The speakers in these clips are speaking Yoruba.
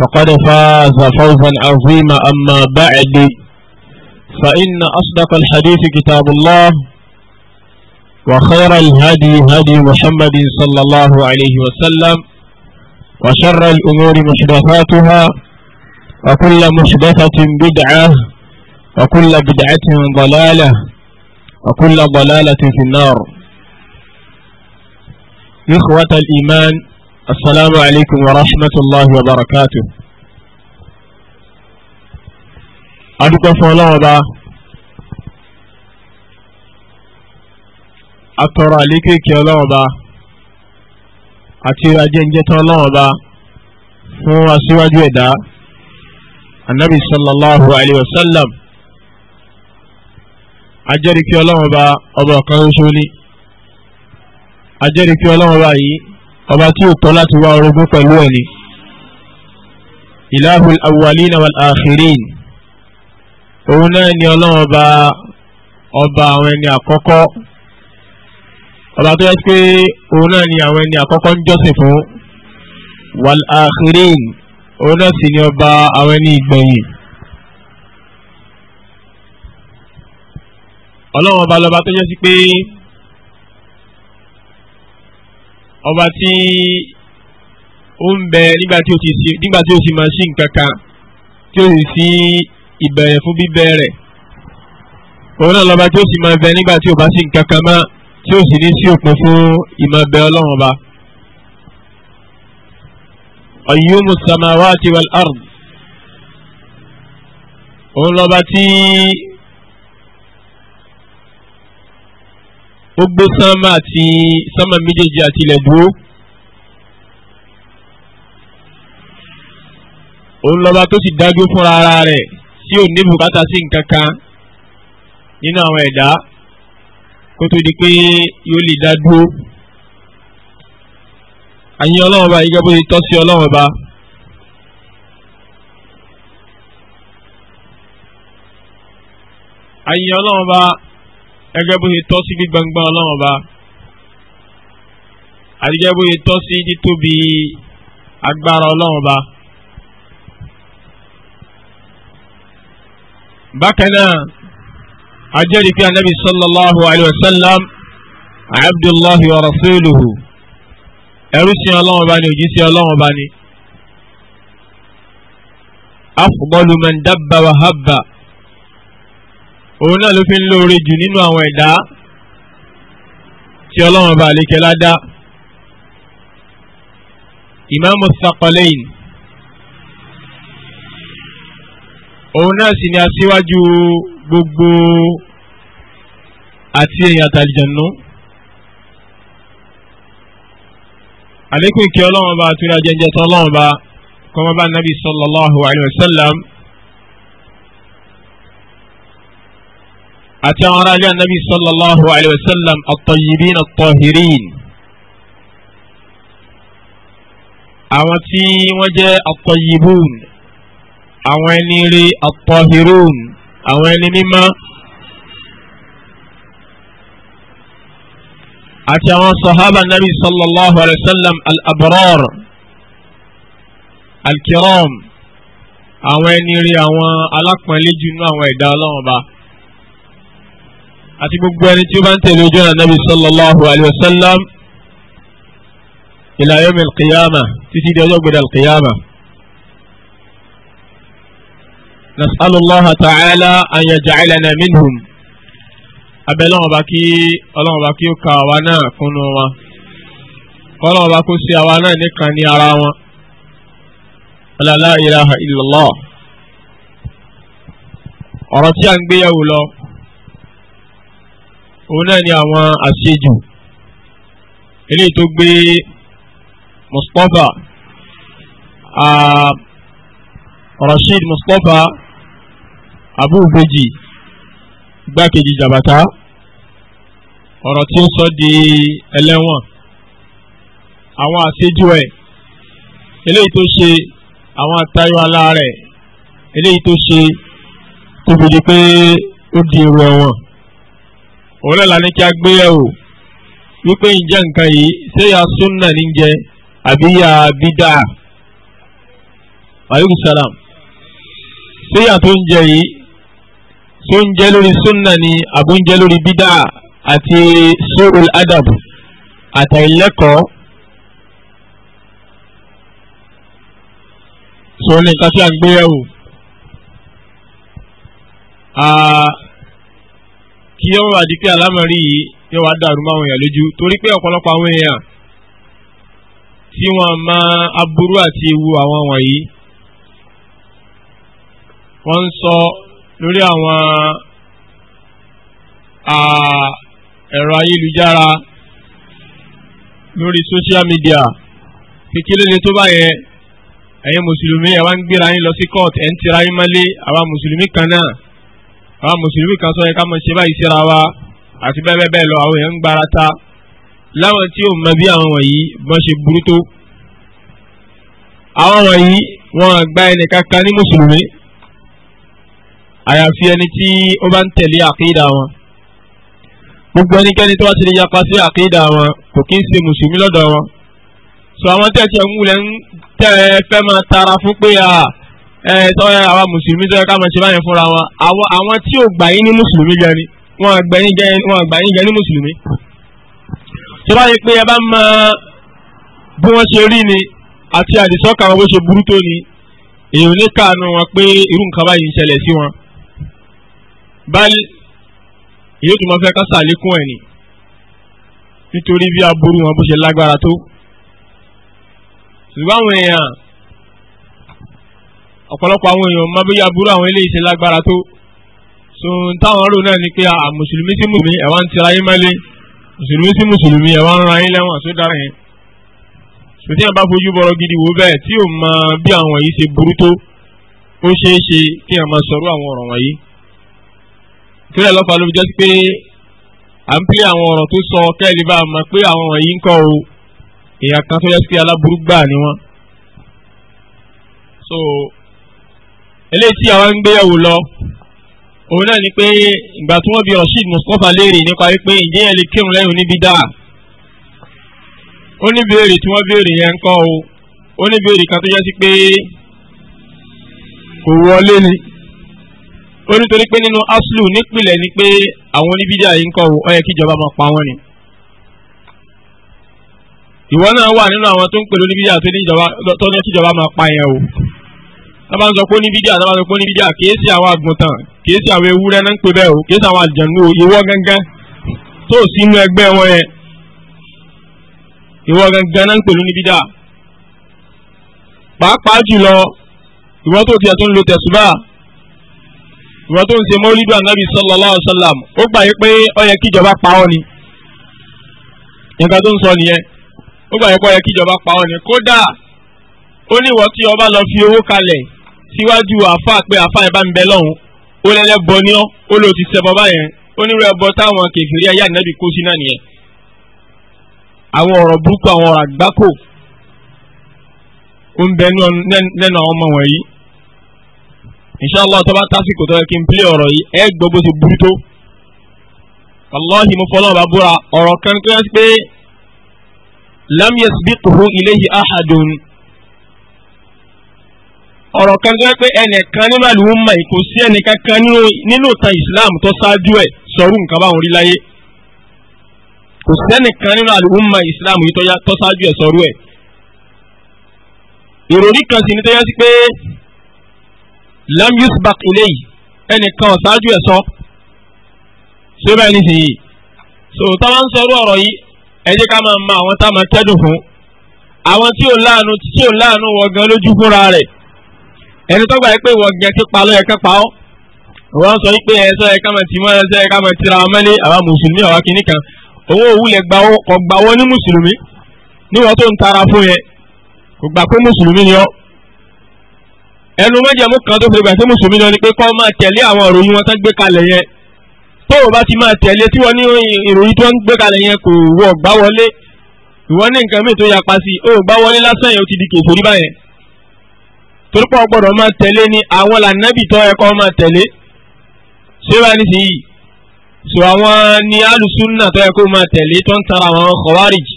فقد فاز فوزا عظيما أما بعد فإن أصدق الحديث كتاب الله وخير الهدي هدي محمد صلى الله عليه وسلم وشر الأمور محدثاتها وكل محدثة بدعة وكل بدعة ضلالة وكل ضلالة في النار إخوة الإيمان السلام عليكم ورحمة الله وبركاته adúpẹ́ fún ọlọ́run ọba atọrọ àlékèké ọlọ́run ọba àti ajẹ́njẹ́tọ́ ọlọ́run ọba fún aṣíwájú ẹ̀dá anabi sallallahu alayhi wa sallam ajẹ́rìí kí ọlọ́run ọba ọba ọ̀kan ṣoṣo ni ajẹ́rìí kí ọlọ́run ọba yìí ọba tí ó tọ́ láti wá orogún pẹ̀lú ẹni ilahul awwalina wal akhirin òun náà ni ọlọ́run ọba ọba àwọn ẹni àkọ́kọ́ ọba tó yẹ pé òun náà ni àwọn ẹni àkọ́kọ́ ń jọ́sìn fún wal akhirin òun náà sì ni ọba àwọn ẹni ìgbẹ̀yìn. ọlọ́run ọba lọ́ba tó yẹ sí pé. ọba tí ó ń bẹ nígbà tí ó ti sí nígbà tí ó ti máa ṣí nǹkan kan tí ó sì sí ìbẹ̀rẹ̀ fún bíbẹ̀rẹ̀ òun náà lọ́ba tí ó sì máa bẹ nígbà tí ó bá sí nǹkan mọ́ tí ó sì ní sí òpin fún ìmọ̀bẹ ọlọ́run ọba. ayyumu samawati wal ard òun lọ́ba tí. ó gbé sánmà àti sánmà méjèèjì àti ilẹ̀ dúró òun lọ́ba tó sì dágbé fúnra ara rẹ̀ tí ò ní bùkátà sí nǹkan kan nínú àwọn ẹ̀dá kó tó di pé yóò lè dá dúró àyìn ọlọ́run ọba gẹ́gẹ́ bó ṣe tọ́ sí ọlọ́run ọba. àyìn ọlọ́run ọba gẹ́gẹ́ bó ṣe tọ́ sí gbígbangba ọlọ́run ọba àti gẹ́gẹ́ bó ṣe tọ́ sí títóbi agbára ọlọ́run ọba. bákan náà ajẹ́rìí pé anabi sallallahu alayhi wa sallam abdullahi wa rasuluhu ẹrú sí ọlọ́run ọba ni òjíṣẹ́ ọlọ́run ọba ni. afdalu man dabba òun náà ló fi ń lóore jù nínú àwọn ẹ̀dá tí ọlọ́run bá àlékẹ́ ládá ìmáàmù Saqalayn òun náà sì ni aṣíwájú gbogbo àti èèyàn àtàlìjànú àlékún ìkẹ́ ọlọ́run bá àtúrà jẹ́jẹ́ tán ọlọ́run bá kọ́mọ́bá nàbì sallallahu alayhi wa àti àwọn aráàlú ànábì sallallahu alayhi wa sallam at-tayyibin at-tahirin àwọn tí wọ́n jẹ́ at-tayyibun àwọn ẹni rí at-tahirun àwọn ẹni mímọ́ àti àwọn sahaba nabi sallallahu alayhi wa sallam al-abrar al-kiram àwọn ẹni rí àwọn alápọ̀nlẹ́jù nínú àwọn ẹ̀dá ọlọ́wọ́n ba. àti gbogbo ẹni tí ó bá ń tẹ̀lé ojú ọ̀nà nàbì sallallahu alayhi wa sallam ila yawm al-qiyama títí di ọjọ́ gbẹdẹ al-qiyama. نسأل الله تعالى أن يجعلنا منهم abẹ́lẹ́ ọba kí ọlọ́run ọba kí ó ka àwa náà kúnnú wọn kọ́lọ́run ọba kó sí àwa náà nìkan ní ara wọn la ilaha illallah ọ̀rọ̀ tí a ń gbéyàwó lọ òun náà ni àwọn àṣejù eléyìí tó gbé Mustapha Rasheed Mustapha Abubeji igbákejì Jabata ọ̀rọ̀ tí ó sọ di ẹlẹ́wọ̀n àwọn àṣejù ẹ̀ eléyìí tó ṣe àwọn àtayọ aláàrẹ̀ eléyìí tó ṣe tó fi di pé ó di èrò ẹ̀wọ̀n òun náà la ní kí a gbé yẹ̀wò wípé ǹjẹ́ nǹkan yìí ṣé ya súnà ní jẹ àbí ya bídà aleykum salam ṣé ya tó ń jẹ yìí tó ń jẹ lórí súnà ní àbújẹ lórí bídà àti sóòrùl adab àtàìlẹ́kọ̀ọ́ sọ̀rọ̀ nìkan tí a ń gbé yẹ̀wò kí yọ wà di pé alámọ̀rí yìí yọ wà dàrú mọ́ àwọn èèyàn lójú torí pé ọ̀pọ̀lọpọ̀ àwọn èèyàn tí wọ́n mọ aburú àti ewu àwọn wọ̀nyí wọ́n ń sọ lórí àwọn ẹ̀rọ ayélujára lórí social media kékeré ni tó bá yẹ ẹ̀yin mùsùlùmí ẹ̀ wá ń gbéra yín lọ sí court ẹ̀ ń tira yín mọ́lé àwa mùsùlùmí kan náà àwọn mùsùlùmí kan sọ yẹ ká mọ̀ ṣe báyìí síra wa àti bẹ́ẹ̀ bẹ́ẹ̀ lọ àwọn èèyàn ń gbára ta láwọn tí ò mọ bí àwọn wọ̀nyí bọ́n ṣe burú tó àwọn wọ̀nyí wọn gba ẹnì kankan ní mùsùlùmí àyàfi ẹni tí ó bá ń tẹ̀lé àkídà wọn gbogbo ẹnikẹ́ni tó wá ti lè yapa sí àkídà wọn kò kí ń ṣe mùsùlùmí lọ́dọ̀ wọn sọ àwọn tẹ̀sí ẹ̀ ń wulẹ̀ ń tẹ̀ fẹ́ máa tara fún pé a àwa mùsùlùmí tó yẹ ká máa ṣe báyẹn fúnra wa àwọn tí ò gbà yín ní mùsùlùmí jẹ ni wọn àgbà yín jẹ ní mùsùlùmí. tó bá yẹ pé ẹ bá mọ bí wọ́n ṣe rí ni àti àdìsọ́kà wọn bó ṣe burú tó ni èèyàn ní káànú wọn pé irú nǹkan báyìí ń ṣẹlẹ̀ sí wọn. báyìí èyí tó máa fẹ́ ká sàlékún ẹ̀ ni nítorí bí aburú wọn bó ṣe lágbára tó. ṣùgbọ́n àwọn èèyàn ọ̀pọ̀lọpọ̀ àwọn èèyàn máa bóyá burú àwọn eléyìí ṣe lágbára tó so táwọn rò náà ni pé a mùsùlùmí sí mùsùlùmí ẹ̀wá ń tira yín mọ́lé mùsùlùmí sí mùsùlùmí ẹ̀wá ń ra yín lẹ́wọ̀n tó dára yẹn sòtí yẹn bá fojú bọ̀rọ̀ gidi wò bẹ́ẹ̀ tí ò mọ bí àwọn yìí ṣe burú tó ó ṣeé ṣe kí yẹn máa sọ̀rọ̀ àwọn ọ̀rọ̀ wọ̀nyí torí lọ́pàá ló so eléyìí tí àwọn ń gbéyàwó lọ òun náà ni pé ìgbà tí wọ́n bi Rasheed Mustapha léèrè nípa wípé ǹjẹ́ ẹ lè kírun lẹ́yìn oníbídà ó ní béèrè tí wọ́n béèrè yẹn ń kọ́ o ó ní béèrè kan tó yẹ sí pé kò wọlé ni ó nítorí pé nínú aslu nípìnlẹ̀ ni pé àwọn oníbídà yìí ń kọ́ o ó yẹ kí ìjọba máa pa wọ́n ni ìwọ náà wà nínú àwọn tó ń pè lóníbídà tó ní kíjọba máa pa yẹn o tábà ń sọ pé ní bídíà tábà ń sọ pé ní bídíà kìí ṣe àwọn àgùntàn kìí ṣe àwọn ewúrẹ́ náà ń pè bẹ́ẹ̀ o kìí ṣe àwọn àjànú ìwọ gángan tó sínú ẹgbẹ́ wọn yẹn ìwọ gángan náà ń pè ní bídíà pàápàá jùlọ ìwọ tó tiẹ̀ tó ń lo tẹ̀sùbà ìwọ tó ń ṣe mọ́lídù ànábì sallallahu alaihi wasallam ó gbà yí pé ó yẹ kíjọba pa ọ́ ni nǹkan tó ń sọ nìyẹn ó tí ọba lọ fi owó kalẹ̀ síwájú àfa pé àfa ẹ̀ bá ń bẹ lọ́hùn ó lẹ́lẹ́bọ ní ọ́ ó lò ti ṣẹbọ báyẹn ó nírú ẹbọ táwọn kèfèrí ayé ànábì kó sí náà nìyẹn àwọn ọ̀rọ̀ burúkú àwọn ọ̀rọ̀ àgbákò ó ń bẹ lẹ́nu àwọn ọmọ wọ̀nyí inshallah tó bá tásìkò tó yẹ kí n pílé ọ̀rọ̀ yìí ẹ gbọ́ bó ṣe burú tó wàláhi mo fọlọ́ bá búra ọ̀rọ̀ kan tó yẹ pé lam yasbiqhu ilayhi ọ̀rọ̀ kan tó pé ẹnìkan nínú àlùmọ̀ kò sí ẹnìkankan nínú ìtàn Islam tó ṣáájú ẹ̀ sọ̀rọ̀ nǹkan báwọn rí láyé kò sí ẹnìkan nínú àlùmọ̀ Islam yìí tó ṣáájú ẹ̀ sọ̀rọ̀ ẹ̀ ìròrí kan sì ni tó yẹ sí pé lam yusbaq ilayhi ẹnìkan ṣáájú ẹ̀ sọ ṣé báyìí nísìnyí so táwọn ń sọ̀rọ̀ ọ̀rọ̀ yìí ẹ jẹ́ ká máa ma àwọn táwọn kẹ́dùn fún àwọn tí ò láàánú tí ò láàánú wọ̀ gan lójú fúnra rẹ̀ ẹni tó gbà pé wọ́n gẹ̀ pípa lọ́yẹ kan pa ọ́ wọ́n sọ pé ẹ̀sọ́ ẹ̀ka mọ̀ tì mọ́ ẹ̀sọ́ ẹ̀ka mọ̀ tìra ọmọ ní àwa mùsùlùmí àwa kìíní kan owó òwúlẹ̀ kọ̀ gbà wọ́n ní mùsùlùmí níwọ̀n tó ń tara fún yẹn kò gbà pé mùsùlùmí ni ọ́ ẹnu mọ́jẹ̀mú kan tó fi gbà pé mùsùlùmí ni ọ́ ni pé kọ́ máa tẹ̀lé àwọn ìròyìn wọn tó gbé kalẹ̀ yẹn tó o bá ti máa tẹ̀lé tí wọ́n ní ìròyìn tó ń gbé kalẹ̀ yẹn kò wọ̀ gbá wọlé ìwọ́n ní nǹkan mìíràn tó yapa sí i ó gbá torí pé ọgbọ́dọ̀ máa tẹ̀lé ni àwọn lànàbì tó ẹ̀kọ́ máa tẹ̀lé ṣé wàá nísìnyí sọ àwọn ni alùsùnà tó ẹ̀kọ́ máa tẹ̀lé tó ń tara àwọn kọ̀wárìjì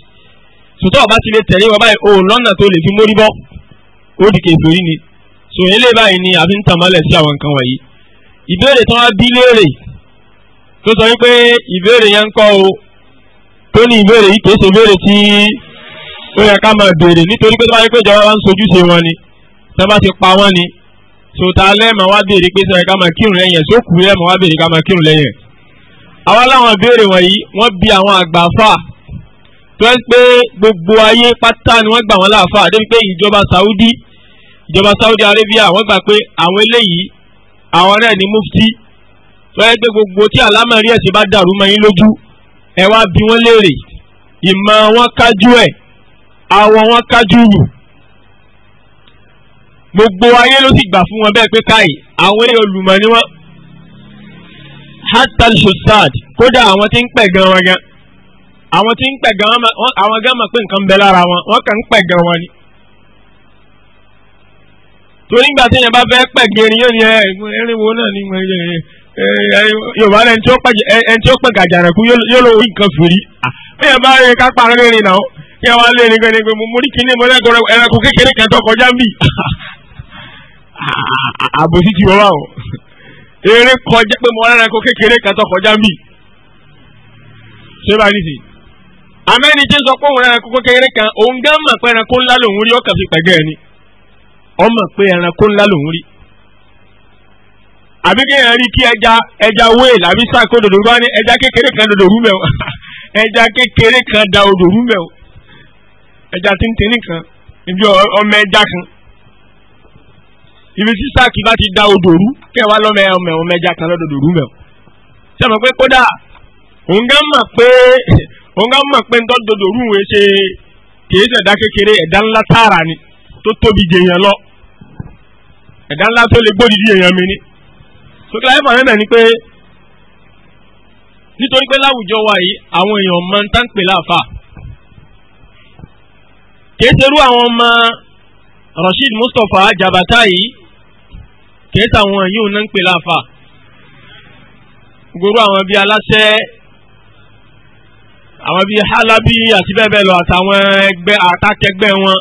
sòtọ́ ọba ti lè tẹ̀lé wọn báyìí òun lọ́nà tó lè fi mórí bọ́ ó di kèfèrí ni sọ ilé báyìí ni àfi ń tàmọ́lẹ̀ sí àwọn nǹkan wọ̀nyí ìbéèrè tó wá bí léèrè tó sọ wípé ìbéèrè yẹn ń kọ́ o tó ní ìbéèrè yìí kìí ṣe ìbéèrè tí ó yẹ ká máa béèrè nítorí pé tó bá yẹ pé ìjọba bá ń sojúṣe wọn ni tó bá ti pa wọ́n ni sòtá lẹ́ẹ̀mọ̀ wá béèrè pé sọ̀rọ̀ ká máa kírun lẹ́yìn sókù lẹ́ẹ̀mọ̀ wá béèrè ká máa kírun lẹ́yìn. àwa láwọn béèrè wọ̀nyí wọ́n bi àwọn àgbàfà tó ń pé gbogbo ayé pátá ni wọ́n gbà wọ́n láàfà débi pé ìjọba Saudi ìjọba Saudi Arabia wọ́n gbà pé àwọn eléyìí àwọn náà ni mufti tó ń pé gbogbo tí àlámọ̀rí ẹ̀sìn bá dàrú mọ́ yín lójú ẹ wá bi wọ́n léèrè ìmọ̀ wọn kájú ẹ̀ àwọn wọn kájú gbogbo ayé ló sì gbà fún wọn bẹ́ẹ̀ pé káyì àwọn eré olùmọ̀ ni wọ́n hatal shusad kódà àwọn tí ń pẹ̀ gan wọn gan àwọn tí ń pẹ̀ gan wọn àwọn gan mọ̀ pé nǹkan ń bẹ lára wọn wọ́n kàn ń pẹ̀ gan wọn ni. torí ìgbà tí èèyàn bá fẹ́ pẹ̀ gẹ̀rì yóò ní ẹ̀rín wo náà ní yorùbá ẹni tí ó pẹ̀ gàjàrà kú yóò lọ nǹkan fìrí. èèyàn bá rí kápá rẹ́rìn náà kí wọ́n lé ní gbẹ̀ngbẹ̀ mo rí kíní mo lẹ́kọ̀ọ́ ẹ̀rọ àbòsí ti wọ́n wá o eré kọjá pé mo rárá ẹ̀kọ́ kékeré kan tó kọjá mi ṣé bá ní sí amẹ́ni tí ń sọ pé òun rárá ẹ̀kọ́ kékeré kan òun gán mọ̀ pé ẹranko ńlá lòun rí ọkàn fi pẹ̀gẹ́ ẹni ọmọ pé ẹranko ńlá lòun rí àbí kéèyàn rí kí ẹja ẹja wéèlì àbí sáàkó dòdò rú wá ní ẹja kékeré kan dòdò rú mẹ́wọ̀ ẹja kékeré kan da odò rú mẹ́wọ̀ ẹja tí ń tẹ́ nìkan ibi ọmọ ẹja kan ibi tí sáàkì bá ti da odòrú kẹwàá lọ́mọ ẹ̀mẹ̀ ọmọ ẹja kan lọ́dọ̀ odòrú mẹ́wọ̀. ṣé mo pé kódà òun gán mọ̀ pé òun gán mọ̀ pé ńtọ́ dodòrú wẹ̀ ṣe kìí ṣe ẹ̀dá kékeré ẹ̀dá ńlá tààrà ni tó tóbi jèèyàn lọ ẹ̀dá ńlá tó lè gbódìdí èèyàn mi ni. sókè láyé fàánù ni pé nítorí pé láwùjọ wa yìí àwọn èèyàn máa ń tán pè láàfà kìí ṣerú àwọn ọmọ Rasheed Mustapha Jabata yìí kèésà wọn yóò náà ń pè láàfà gbogbo àwọn bíi aláṣẹ àwọn bíi halabi àti bẹ́ẹ̀ bẹ́ẹ̀ lọ àtàwọn ẹgbẹ́ àtàkẹgbẹ́ wọn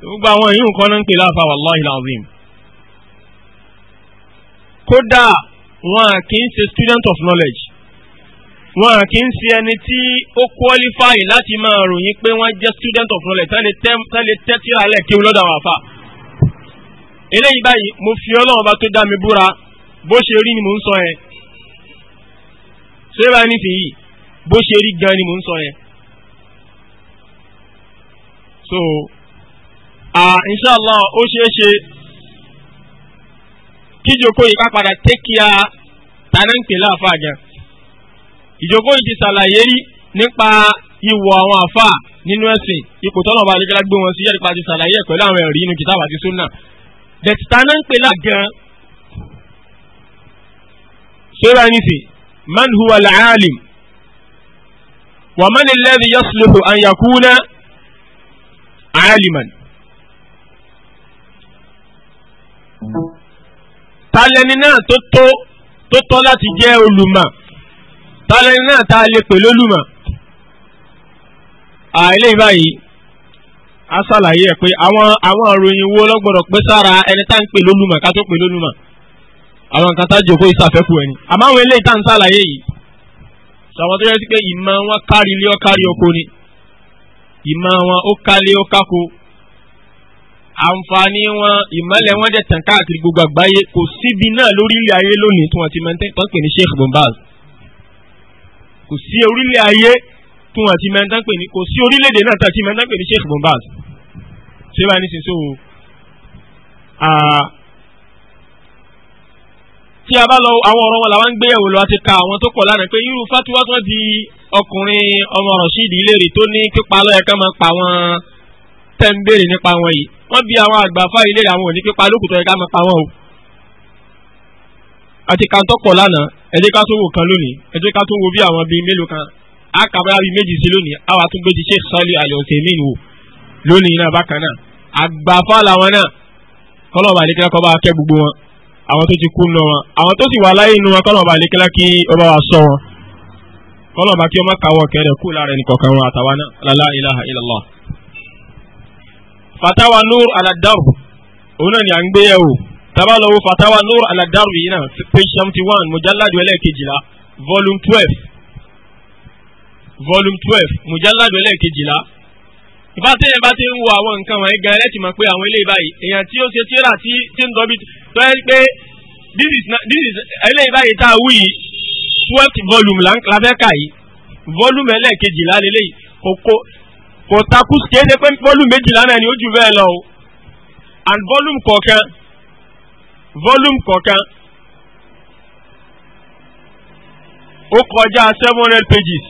gbogbo àwọn yìí nǹkan náà ń pè láàfà wàláhi làzim kódà wọn kì í ṣe student of knowledge wọn kì í ṣe ẹni tí ó qualify láti máa ròyìn pé wọ́n jẹ́ student of knowledge tẹ́lẹ̀ tẹ́tí alẹ́ kí wọ́n lọ́dọ̀ àwọn àfà eléyìí báyìí mo fi ọlọ́run bá tó dá mi búra bó ṣe rí ni mò ń sọ yẹn ṣé báyìí nísìnyí bó ṣe rí gan ni mò ń sọ yẹn. so ah inshallah ó ṣeé ṣe kíjoko yìí ká padà tẹ́kíá tanáǹpẹ̀ láàfáà gan ìjókòó yìí ti ṣàlàyé rí nípa ìwọ̀ àwọn àfáà nínú ẹ̀sìn ipò tọ́lọ̀ bá àdégbélá gbé wọn sí yẹ́rìí pa ti ṣàlàyé ẹ̀ pẹ̀lú àwọn ẹ̀rí inú kìtàbà àti súnà bẹ̀tì tánà ń pè lágan sórí àníṣe man huwa al-alim wa man alladhi yasluhu an yakuna aliman. talẹ́ni náà tó tó tó tọ́ láti jẹ́ olùmọ̀ talẹ́ni náà tá a lè pè lólùmọ̀ àìlè báyìí á ṣàlàyé ẹ̀ pé àwọn àwọn ìròyìn wo lọ́gbọ̀dọ̀ pé sára ẹni tá ń pè lólùmọ̀ ká tó pè lólùmọ̀ àwọn nǹkan tá jòkó ìsàfẹ́kù ẹni àmọ́ àwọn eléyìí tá ń ṣàlàyé yìí sọ̀rọ̀ tó yẹ sí pé ìmọ̀ wọn kárí ilé ó kárí oko ni ìmọ̀ wọn ó kálé ó kákó àǹfààní wọn ìmọ̀lẹ̀ wọn dẹ̀ tàn káàkiri gbogbo àgbáyé kò síbi náà lórílẹ̀ ayé lónìí tí wọ́n ti máa ń tẹ́ ní Sheikh Bombaz kò sí orílẹ̀ ayé tí wọ́n ti mẹ́ta ń pè ní kò sí orílẹ̀-èdè náà tá ti pè ní Sheikh Bombaz ṣé báyìí ní sísọ tí a bá lọ àwọn ọ̀rọ̀ wọn làwọn ń gbéyàwó lọ àti ka àwọn tó pọ̀ lánàá pé irú fatuwa tó di ọkùnrin ọmọ Rashid ìlérí tó ní pípa lọ́yẹ̀ ká máa pa wọn tẹ́ ń béèrè nípa wọn yìí wọ́n bí àwọn àgbàfà ìlérí àwọn òní pípa lókùtọ̀ yẹ ká máa pa wọn o. àti kàńtọ́ pọ̀ lánàá ẹ̀jẹ̀ ká tó wò kan lónìí ẹ̀jẹ̀ ká tó wò bí àwọn bíi mélòó kan a kàbáyà bíi méjì sí lónìí àwa tún gbé ti Sheikh Salih Al-Uthaymin wò lónìí náà bákan náà àgbàfà làwọn náà kọ́lọ́ọ̀bà àlékẹ́lá kọ́ bá kẹ́ gbogbo wọn àwọn tó ti kú nù wọn àwọn tó sì wà láyé inú wọn kọ́lọ́ọ̀bà àlékẹ́lá kí ọba wa sọ wọn kọ́lọ́ọ̀bà kí ọmọ kàwọ́ kẹrẹ kú lára ẹnì kọ̀ọ̀kan wọn àtàwọn náà la ilaha illallah. fatawa nur aladaru, darb òun náà ni à ń gbé yẹ̀wò tabalawo fatawa nur aladaru darb yìí náà page seventy one mujalladu ẹlẹ́ẹ̀kejìlá volume twelve volume twelve mujalladu ẹlẹ́ẹ̀kejìlá ìbá téèyàn bá ti ń wo àwọn nǹkan wọ̀nyí gan ẹlẹ́tì mọ̀ pé àwọn ilé báyìí èèyàn tí ó ṣe tíra tí tí ń dọ́bi tó yẹ pé this is this is eléyìí báyìí tá a wú yìí twelfth volume la fẹ́ kà yìí volume ẹlẹ́ẹ̀kejìlá lélẹ́yìí kò kò kò takú kéde pé volume méjìlá náà ni ó jù bẹ́ẹ̀ lọ o and volume kọ̀ọ̀kan volume kọ̀ọ̀kan ó kọjá seven hundred pages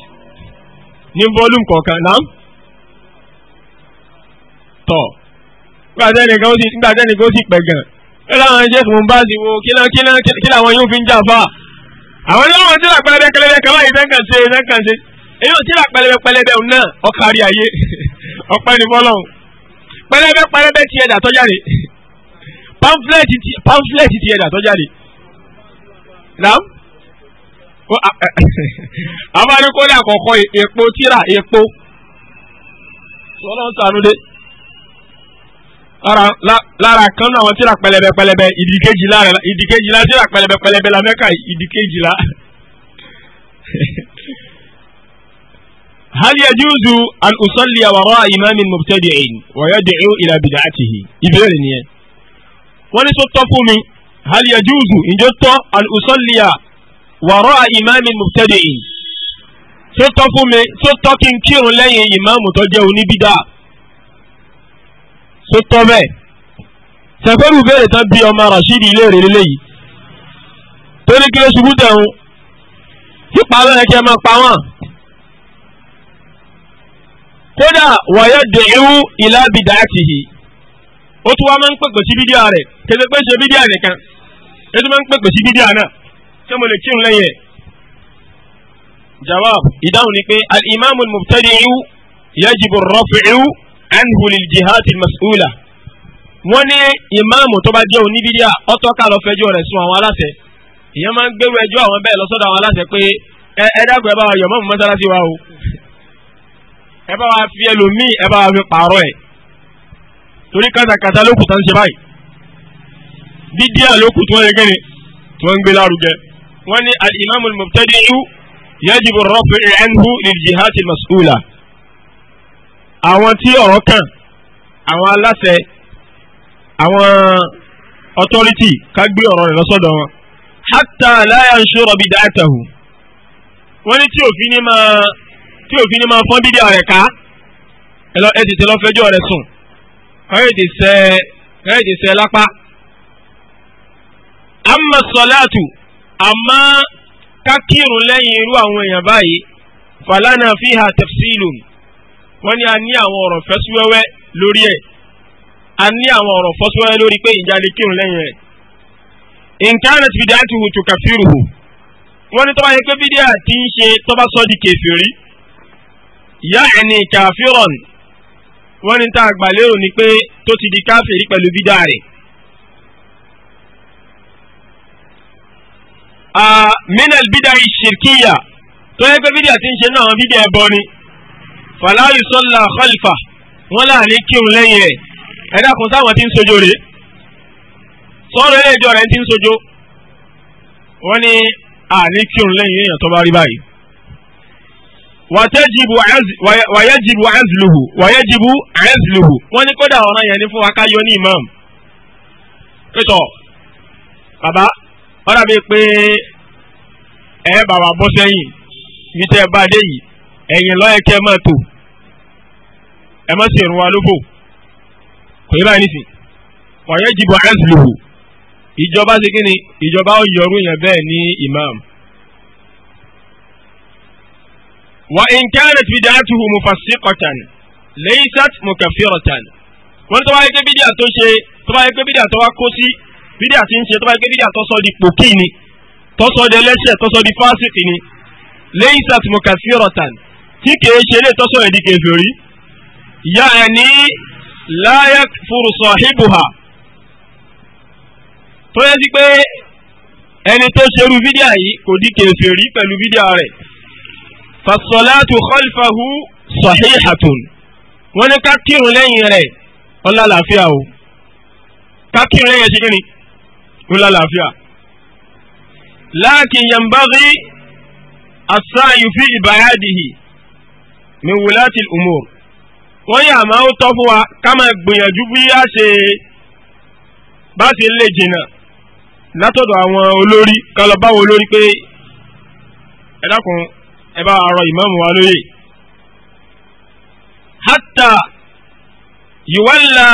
ní volume kọ̀ọ̀kan náà tọ̀ gbàtẹ́nìkan ó sì gbàtẹ́nìkan ó sì pẹ̀gàn ẹ láwọn ẹjẹ́ tó ń bá ti wo kí làwọn yóò fi ń jà fà àwọn ẹni láwọn tíra pẹlẹbẹ kẹlẹbẹ kẹlẹ yìí dẹ́kàn ṣe dẹ́kàn ṣe èyí ò tíra pẹlẹbẹ pẹlẹbẹ òun náà ọkàrí ayé ọpẹ́ ní fọlọ́hún pẹlẹbẹ pẹlẹbẹ ti ẹ̀dà tọ́jà rè pamphlet ti ẹ̀dà tọ́jà rè àwọn àdékòlè àkọ́kọ́ e, epo tíra epo sọlọ́n sànúdé lára kan náà àwọn tíra pẹlẹbẹ pẹlẹbẹ ìdíkejìlá rẹ ìdíkejìlá tíra pẹlẹbẹ pẹlẹbẹ la mẹ́ka ìdíkejìlá. هل يجوز أن أصلي وراء إمام مبتدع ويدعو إلى بدعته إبرني ولسطفني هل يجوز إن جدت أن أصلي wàrọ́ ìmáàmì mùtẹ́dẹ̀ẹ́ tó tọ́ fún mi tó tọ́ kí n kírun lẹ́yìn ìmáàmù tó jẹ́ oníbídà tó tọ́ bẹ́ẹ̀ sẹ̀fẹ́rù béèrè tán bí ọmọ Rashidi ilé rẹ̀ lélẹ́yìí tó ní kí ló ṣubú dẹ̀hún pípa lọ́yẹ kí ẹ máa pa wọ́n kódà wàyẹ̀ dẹ̀ẹ́wù ìlà bìdà àtìhì ó tún wá máa ń pèpè sí bídíà rẹ̀ kẹsẹ̀ pé ṣe bídíà nìkan ètò máa ń pèpè sí bídíà náà ṣé mo lè kírun lẹ́yìn ẹ̀ jawab ìdáhùn ni pé al-imamu al-mubtadi'u yajibu rafi'u anhu lil jihati al-mas'ula wọ́n ní ìmáàmù tó bá jẹ́ oníbíríà ọtọ́ka lọ fẹjọ́ rẹ̀ sùn àwọn aláṣẹ ìyẹn máa ń gbérú ẹjọ́ àwọn bẹ́ẹ̀ lọ́sọ́dọ̀ àwọn aláṣẹ pé ẹ ẹ dàgbẹ́ bá wa yọ̀ mọ́mú mọ́sálásí wa o ẹ bá wa fi ẹlòmíì ẹ bá wa fi pààrọ̀ ẹ̀ torí kátàkátà lókùtà ń ṣe báyìí dídí àlókù tí wọ́n yẹ kéde tí wọ́n ń gbé lárugẹ wọ́n ní al-imam al-mubtadi'u yajibu ar-raf'u anhu lil-jihat al-mas'ula àwọn tí ọ̀rọ̀ kàn àwọn aláṣẹ àwọn authority ká gbé ọ̀rọ̀ rẹ̀ lọ́sọ̀dọ̀ wọn hatta la yanshura bid'atahu wọ́n ní tí òfin ní máa tí òfin ní máa fọ́n bídí ààrẹ ká ẹ lọ ẹ lọ fẹjọ́ rẹ̀ sùn káyọ̀dé sẹ káyọ̀dé sẹ lápá. amma salatu àmọ́ kákírun lẹ́yìn irú àwọn èèyàn báyìí falana fiha tafsilun wọ́n ní a ní àwọn ọ̀rọ̀ fẹ́sùwẹ́wẹ́ lórí ẹ̀ a ní àwọn ọ̀rọ̀ fẹ́sùwẹ́wẹ́ lórí pé ìjà lè kírun lẹ́yìn rẹ̀ in kanat bid'atuhu tukaffiruhu wọ́n ní tó bá yẹ pé bídíà ti ń ṣe tó bá sọ́ di kèfèrí ya'ni kafiran wọ́n ní tá a ni pé tó ti di káfíìrì pẹ̀lú bídíà rẹ̀ minal bidai shirkiya tó yẹ pé bídíà ti ń ṣe náà bídíà ẹbọ ni fala yusalla khalfa wọn láàrin kírun lẹ́yìn rẹ̀ ẹ dákun táwọn ti ń sojo rèé sọ́ọ̀rọ̀ ilé ìjọ rẹ̀ ti ń sojo wọ́n ní àní kírun lẹ́yìn èèyàn tó bá rí báyìí. wàyẹ́jìbù àẹ́zìlùhù wàyẹ́jìbù àẹ́zìlùhù wọ́n ní kódà ọ̀ràn yẹn ní fún wa ká yọ ní imam. pẹ̀tọ̀ bàbá ó dàbí pé ẹ bá wa bọ́ sẹ́yìn ibi tẹ́ ẹ bá dé yìí ẹ̀yìn lọ́yẹ̀ kẹ́ ẹ máa tò ẹ má sì rún wa lóbò kò yẹ báyìí nísìn wàyẹ jìbọ ẹsùlùwò ìjọba ṣe kí ni ìjọba ó yọrù yẹn bẹ́ẹ̀ ní imam. wa in kanat bid'atuhu mufassiqatan laysat mukaffiratan wọ́n tó bá yẹ pé bídíà tó ṣe tó bá yẹ pé bídíà tó wá kó sí bídíà ti ń ṣe tó bá yẹ pé bídíà tọ́sọ́ di pòkì ni tọ́sọ́ di ẹlẹ́ṣẹ̀ tọ́sọ́ di fásitì ni lẹ́yìn sàtìmọ̀kà sí rọ̀tàn tí kìí ṣe lè tọ́sọ́ ẹ̀dí kẹfẹ́rí yá ẹ̀ ní láyé furusọ̀ híbùhà tó yẹ sí pé ẹni tó ṣerú fídíà yìí kò di kẹfẹ́rí pẹ̀lú fídíà rẹ̀ fasọ̀láàtù khalfahu sahihatun wọ́n ní ká kírun lẹ́yìn rẹ̀ ọlá làáfíà o ká kírun lẹ́yìn ṣe ni ó lálàáfíà láàkì yambaghi asáyù fi ìbáyàdìhì ní wùlátì umur wọ́n yà máa ń tọ́ fún wa ká máa gbìyànjú bí a ṣe bá ṣe lè jìnnà látọ̀dọ̀ àwọn olórí ká lọ báwo olórí pé ẹ dákun ẹ bá arọ ìmáàmù wa lóye. hatta yuwalla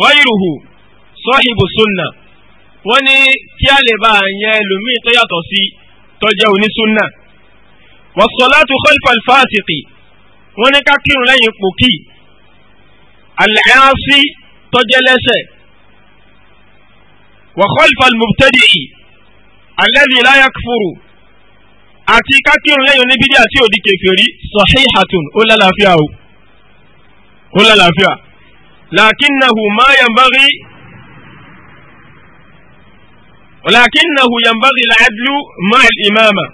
ghayruhu sahibu sunnah wọ́n ní kí a lè bá àyàn ẹlòmíì tó yàtọ̀ sí tó jẹ́ onísúnà wassalatu khalfa al-fasiqi wọ́n ní ká kírun lẹ́yìn pòkì al-aasi tó jẹ́ lẹ́ṣẹ̀ wa khalfa al-mubtadi'i alladhi la àti ká kírun lẹ́yìn oníbídíà tí ò di kèfèrí sahihatun ó lálàáfíà ó lálàáfíà lakinnahu ma yanbaghi. ولكنه ينبغي العدل مع الإمامة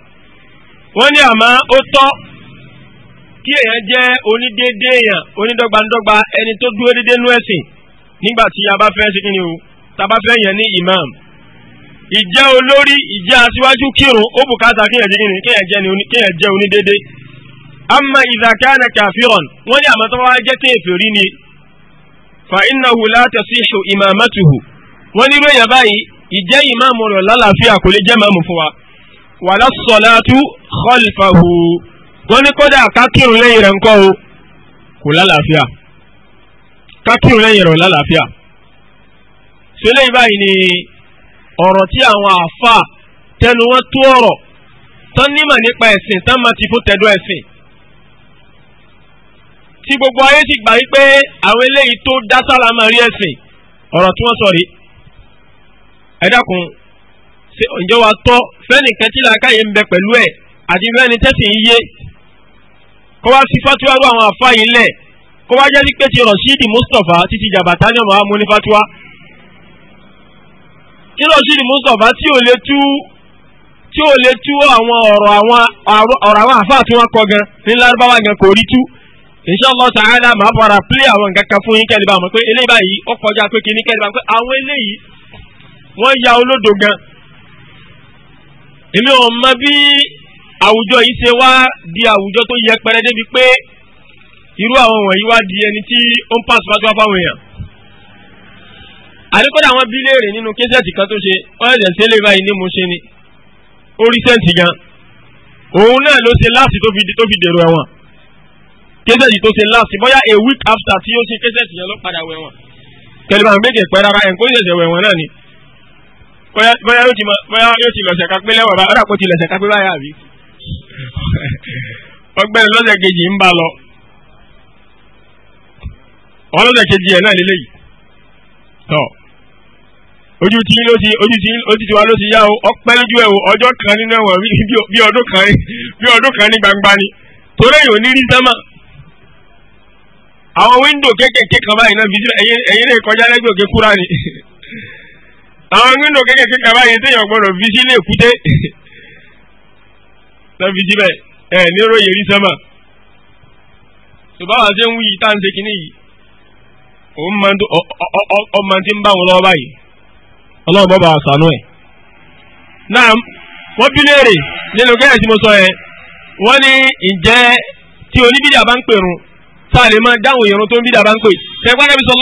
wọ́n ní àmọ́ ó tọ́ kí èèyàn jẹ́ onídéédé èèyàn onídọ́gbandọ́gba ẹni tó dúró déédéé nú ẹ̀sìn nígbà tí a bá fẹ́ sí kíni o tá a bá fẹ́ yẹn ní imam ìjẹ́ olórí ìjẹ́ aṣíwájú kírun ó bùkátà kíyàn jẹ́ kíni kíyàn jẹ́ onídéédé amma idha kana kafiran wọ́n ní àmọ́ tó wá jẹ́ kèfèrí ni fa innahu la tasihu imamatuhu wọ́n ní ìròyìn báyìí ìjẹ́ ìmáàmù rẹ̀ lálàáfíà kò lè jẹ́ máàmù fún wa wala salatu khalfahu wọ́n ní kódà kákírun lẹ́yìn rẹ̀ ńkọ́ o kò lálàáfíà kákírun lẹ́yìn rẹ̀ lálàáfíà ṣẹlẹ̀ báyìí ni ọ̀rọ̀ tí àwọn àfa tẹnu wọn tó ọ̀rọ̀ tán nímọ̀ nípa ẹ̀sìn tán máa ti fún tẹ̀dọ̀ ẹ̀sìn tí gbogbo ayé sì gbà wípé àwọn eléyìí tó dá sálámà rí ẹ̀sìn ọ̀rọ̀ tí wọ́n sọ rèé ẹ dákun ṣe ǹjẹ́ wa tọ́ fẹ́nìkan tí làákàyè ń bẹ pẹ̀lú ẹ̀ àti fẹ́ni tẹ́sí ń yé kó wá sí fatuwa ló àwọn àfa yìí lẹ̀ kó wá jẹ́ pé ti Rashidi Mustapha títí jàbàtà ni ọmọ amúni fatuwa tí Rashidi Mustapha tí ò lè tú tí ò lè tú àwọn ọ̀rọ̀ àwọn ọ̀rọ̀ àwọn àfa tí wọ́n kọ gan ní lárúbáwá gan kò rí tú inshallah ta'ala máa bọ̀ra pílé àwọn nǹkan kan fún yín kẹ́lẹ́ wọ́n ya olódo gan èmi ò mọ bí àwùjọ yìí ṣe wá di àwùjọ tó yẹpẹrẹ débi pé irú àwọn wọ̀nyí wá di ẹni tí ó ń pàṣẹ fàtúwà fáwọn èèyàn àdékọ́dà àwọn bíléèrè nínú késẹ́ẹ̀tì kan tó ṣe ọ̀rẹ́dẹ̀ ṣe lè báyìí ní mo ṣe ni ó rí sẹ́ǹtì gan òun náà ló ṣe láti tó fi tó fi dèrò ẹ̀wọ̀n késẹ́ẹ̀tì tó ṣe láti bóyá a week after tí ó ṣe késẹ́ẹ̀tì yẹn ló padà wẹ̀wọ̀n kẹlẹ́bàá méje pẹ́ rárá ẹ̀ ń kó ṣẹ̀ṣẹ̀ wẹ̀wọ̀n náà ni bóyá yóò ti lọ̀sẹ̀ ká pé lẹ́wọ̀n bá ọ̀dà kó ti lọ̀sẹ̀ ká pé báyà àbí ọgbẹ́ni lọ́sẹ̀ kejì ń bá lọ wọn lọ́sẹ̀ kejì ẹ̀ náà lélẹ́yìí tọ́ ojú tí ló ti ojú tí ó ti tiwa ló ti yá o ọpẹ́ lójú ẹ̀ o ọjọ́ kan nínú ẹ̀wọ̀n bí ọdún kan bí ọdún kan ní gbangba ni torí èyàn ní rí sẹ́mà àwọn wíńdò kan báyìí àwọn wíńdò kékèké kaba yìí téèyàn gbọ́dọ̀ fi sílé èkúté tó fi síbẹ̀ ẹ nírò yèrí sẹ́mà ṣùgbọ́n àti ń wí tá à ń ṣe kínní yìí òun máa ń tó ọmọ tí ń bá wọn lọ́wọ́ báyìí ọlọ́run bọ́ bá a sànú ẹ̀. náà wọ́n bí léèrè nínú kẹ́yà tí mo sọ yẹn wọ́n ní ǹjẹ́ tí oníbìdà bá ń pèrun sáà lè máa dáhùn ìrun tó ń bìdà bá ń pè. ṣẹ́gbọ́n kẹ́mi sọ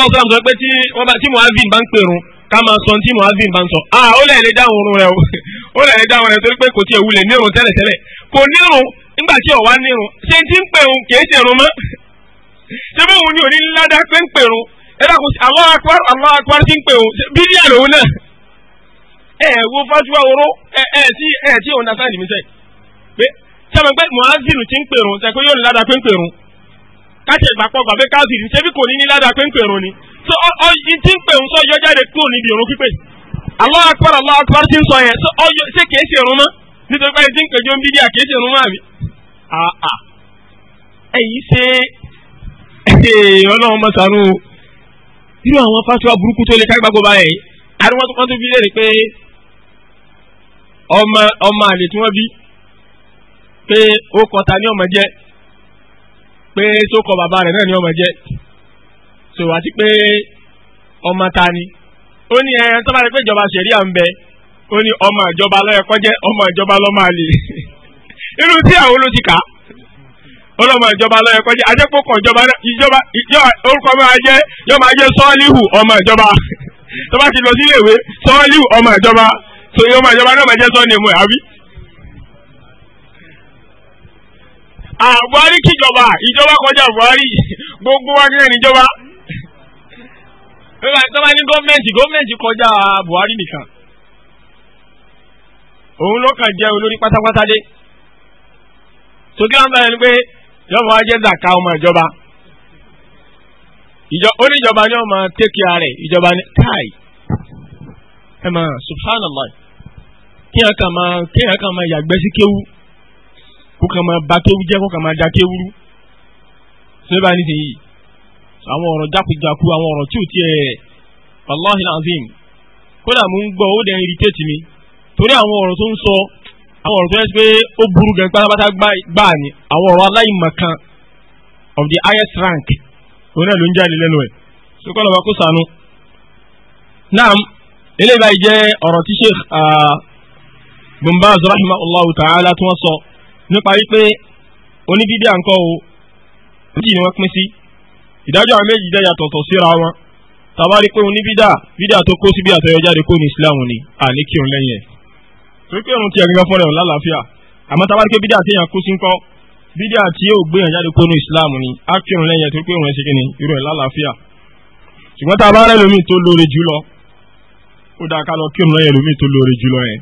ká máa sọ tí muhammed bá ń sọ ah ó lẹ́yìn lè dáhùn oorun rẹ o ó lẹ́yìn lè dáhùn rẹ torí pé kò tiẹ̀ wulẹ̀ nírun tẹ́lẹ̀tẹ́lẹ̀ kò nírun nígbà tí ọ̀wá nírun ṣé tí ń pè òun kìí ṣèrun mọ́ ṣé bí òun ni òní ládá pé ń pè òun ẹ dákun àwọn akwari àwọn akwari tí ń pè òun bílíà lòun náà ẹ wo fásitì oró ẹ ẹ tí ẹ tí òun nasáyìn mi sẹ pé sẹ́mi pé muhammed tí ń pè òun sẹ́kọ́ yóò ní ládá pé ń pè òun káṣẹ̀ ìgbàpọ̀ so ọ ti ń pè ń sọ yọ jáde kúrò níbi ìrún pípé Allahu Akbar Allahu Akbar ti ń sọ yẹn ṣé kìí ṣe ìrún mọ́ nítorí pé ti ń pèjọ ń bí díà kìí ṣe ìrún mọ́ àbí. èyí ṣe ọlọ́run mọ̀sánú irú àwọn fásitì burúkú tó lè ká gbàgbọ́ báyẹn àríwọ́n tó kọ́ tó fi lè rí pé ọmọ ọmọ àlè tí wọ́n bí pé ó kọta ní ọmọ jẹ́ pé sókọ bàbá rẹ̀ náà ní ọmọ jẹ́ so àti pé ọmọ ta ni ó ní ẹ tó bá rí pé ìjọba ṣẹ̀ríà ń bẹ ó ní ọmọ ìjọba lọ́yẹ̀kọ́ jẹ́ ọmọ ìjọba lọ́mọ àlè irú tí àwọn olójìká ọlọ́mọ ìjọba lọ́yẹ̀kọ́ jẹ́ ajẹ́pọ̀kọ̀ ìjọba ìjọba orúkọ máa jẹ́ yọ máa jẹ́ sọ́ọ́líhù ọmọ ìjọba tó bá ti lọ sí iléèwé sọ́ọ́líhù ọmọ ìjọba tó yọ ọmọ ìjọba náà máa jẹ́ sọ́ọ́ni mu àbí. Buhari kíjọba ìjọba kọjá Buhari gbogbo wa nílẹ̀ níjọba bẹ́ẹ̀ tó bá ní gọ́ọ̀mẹ̀ntì gọ́ọ̀mẹ̀ntì kọjá Buhari nìkan òun ló kàn jẹ́ olórí pátápátá dé sókè wọn bẹ̀rẹ̀ ni pé yọ̀bọ̀ wa jẹ́ zaka ọmọ ìjọba oníjọba ni wọn máa tẹ́kì ààrẹ ìjọba ni káì ẹ máa subhanallah kíyàn kan máa kíyàn kan máa yàgbẹ́ sí kéwú kó kàn máa ba kéwú jẹ́ kó kàn máa da kéwú rú sọ́ba ní ti yìí àwọn ọ̀rọ̀ jákujàku àwọn ọ̀rọ̀ tí ò tiẹ̀ wàláhi lazim kódà mò ń gbọ́ ó dẹ̀ ń irritate mi torí àwọn ọ̀rọ̀ tó ń sọ àwọn ọ̀rọ̀ tó yẹ pé ó burú gan pátápátá gbáà ni àwọn ọ̀rọ̀ aláìmọ̀kan of the highest rank òun náà ló ń jáde lẹ́nu ẹ̀ sókè lọ́wọ́ kó sànú. naam eléyìí báyìí jẹ́ ọ̀rọ̀ tí sheikh bin baz rahimahullahu ta'ala tí wọ́n sọ nípa wípé oníbíbí à ń kọ́ o méjì ni wọ́n pín sí ìdájọ́ àwọn méjì jẹ́ yàtọ̀tọ̀ síra wọn tabari pé òun ní bídà bídà tó kó sí bí àtọyọ jáde kó ní islam ni àní kí òun lẹ́yìn ẹ̀ torí pé òun ti ẹ̀gbẹ́ fọ́lẹ̀ ọ̀la àlàáfíà àmọ́ tabari pé bídà tí èèyàn kú sí ń kọ́ bídà tí yóò gbé èèyàn jáde kó ní islam ni á kí òun lẹ́yìn ẹ̀ torí pé òun ẹ̀ ṣe kíni irú ẹ̀ lálàáfíà ṣùgbọ́n tabari lomi tó lóore jùlọ ó dáa ká lọ kí òun lẹ́yìn lomi tó lóore jùlọ yẹn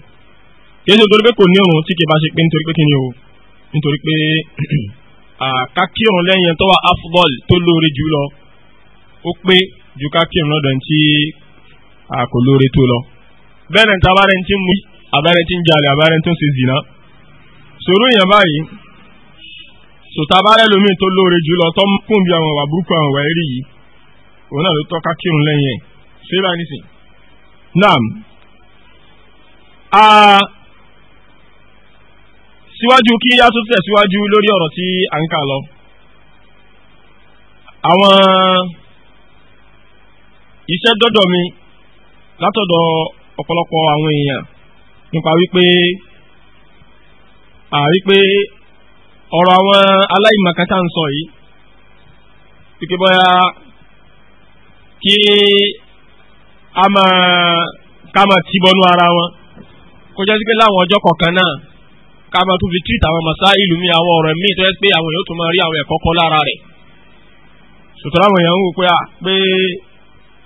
kakirun lẹ́yìn tó wà afdol tó lóore jù lọ ó pé ju kakirun lọ́dọ̀ ntí kò lóore tó lọ bẹ́ẹ̀ ni tabarẹ́ ntí mu abarẹ́ ntí jalè abarẹ́ ntí ṣe zina sòrò yẹn báyìí sòtabarẹ́ lomi tó lóore jù lọ tó kún bí àwọn wàbúkú àwọn wà èrè yìí òun náà ló tọ́ kakirun lẹ́yìn ẹ̀ ṣé báyìí nìsín. naam síwájú kí a tó tẹ̀síwájú lórí ọ̀rọ̀ tí a ń kà lọ àwọn iṣẹ́ dọ́dọ̀ mi látọ̀dọ̀ ọ̀pọ̀lọpọ̀ àwọn èèyàn nípa wípé àrípé ọ̀rọ̀ àwọn aláìmọ̀kátà ń sọ yìí wípé bóyá kí a máa ká máa tìbọnú ara wọn kó jẹ́ sí pé láwọn ọjọ́ kọ̀ọ̀kan náà ká máa tún fi tírìtì àwọn masá ìlú mi àwọn ọ̀rọ̀ míì tó yẹ pé àwọn èèyàn tó máa rí àwọn ẹ̀kọ́ kọ́ lára rẹ̀ sòtọ́ láwọn èèyàn ń wò pé à ah, pé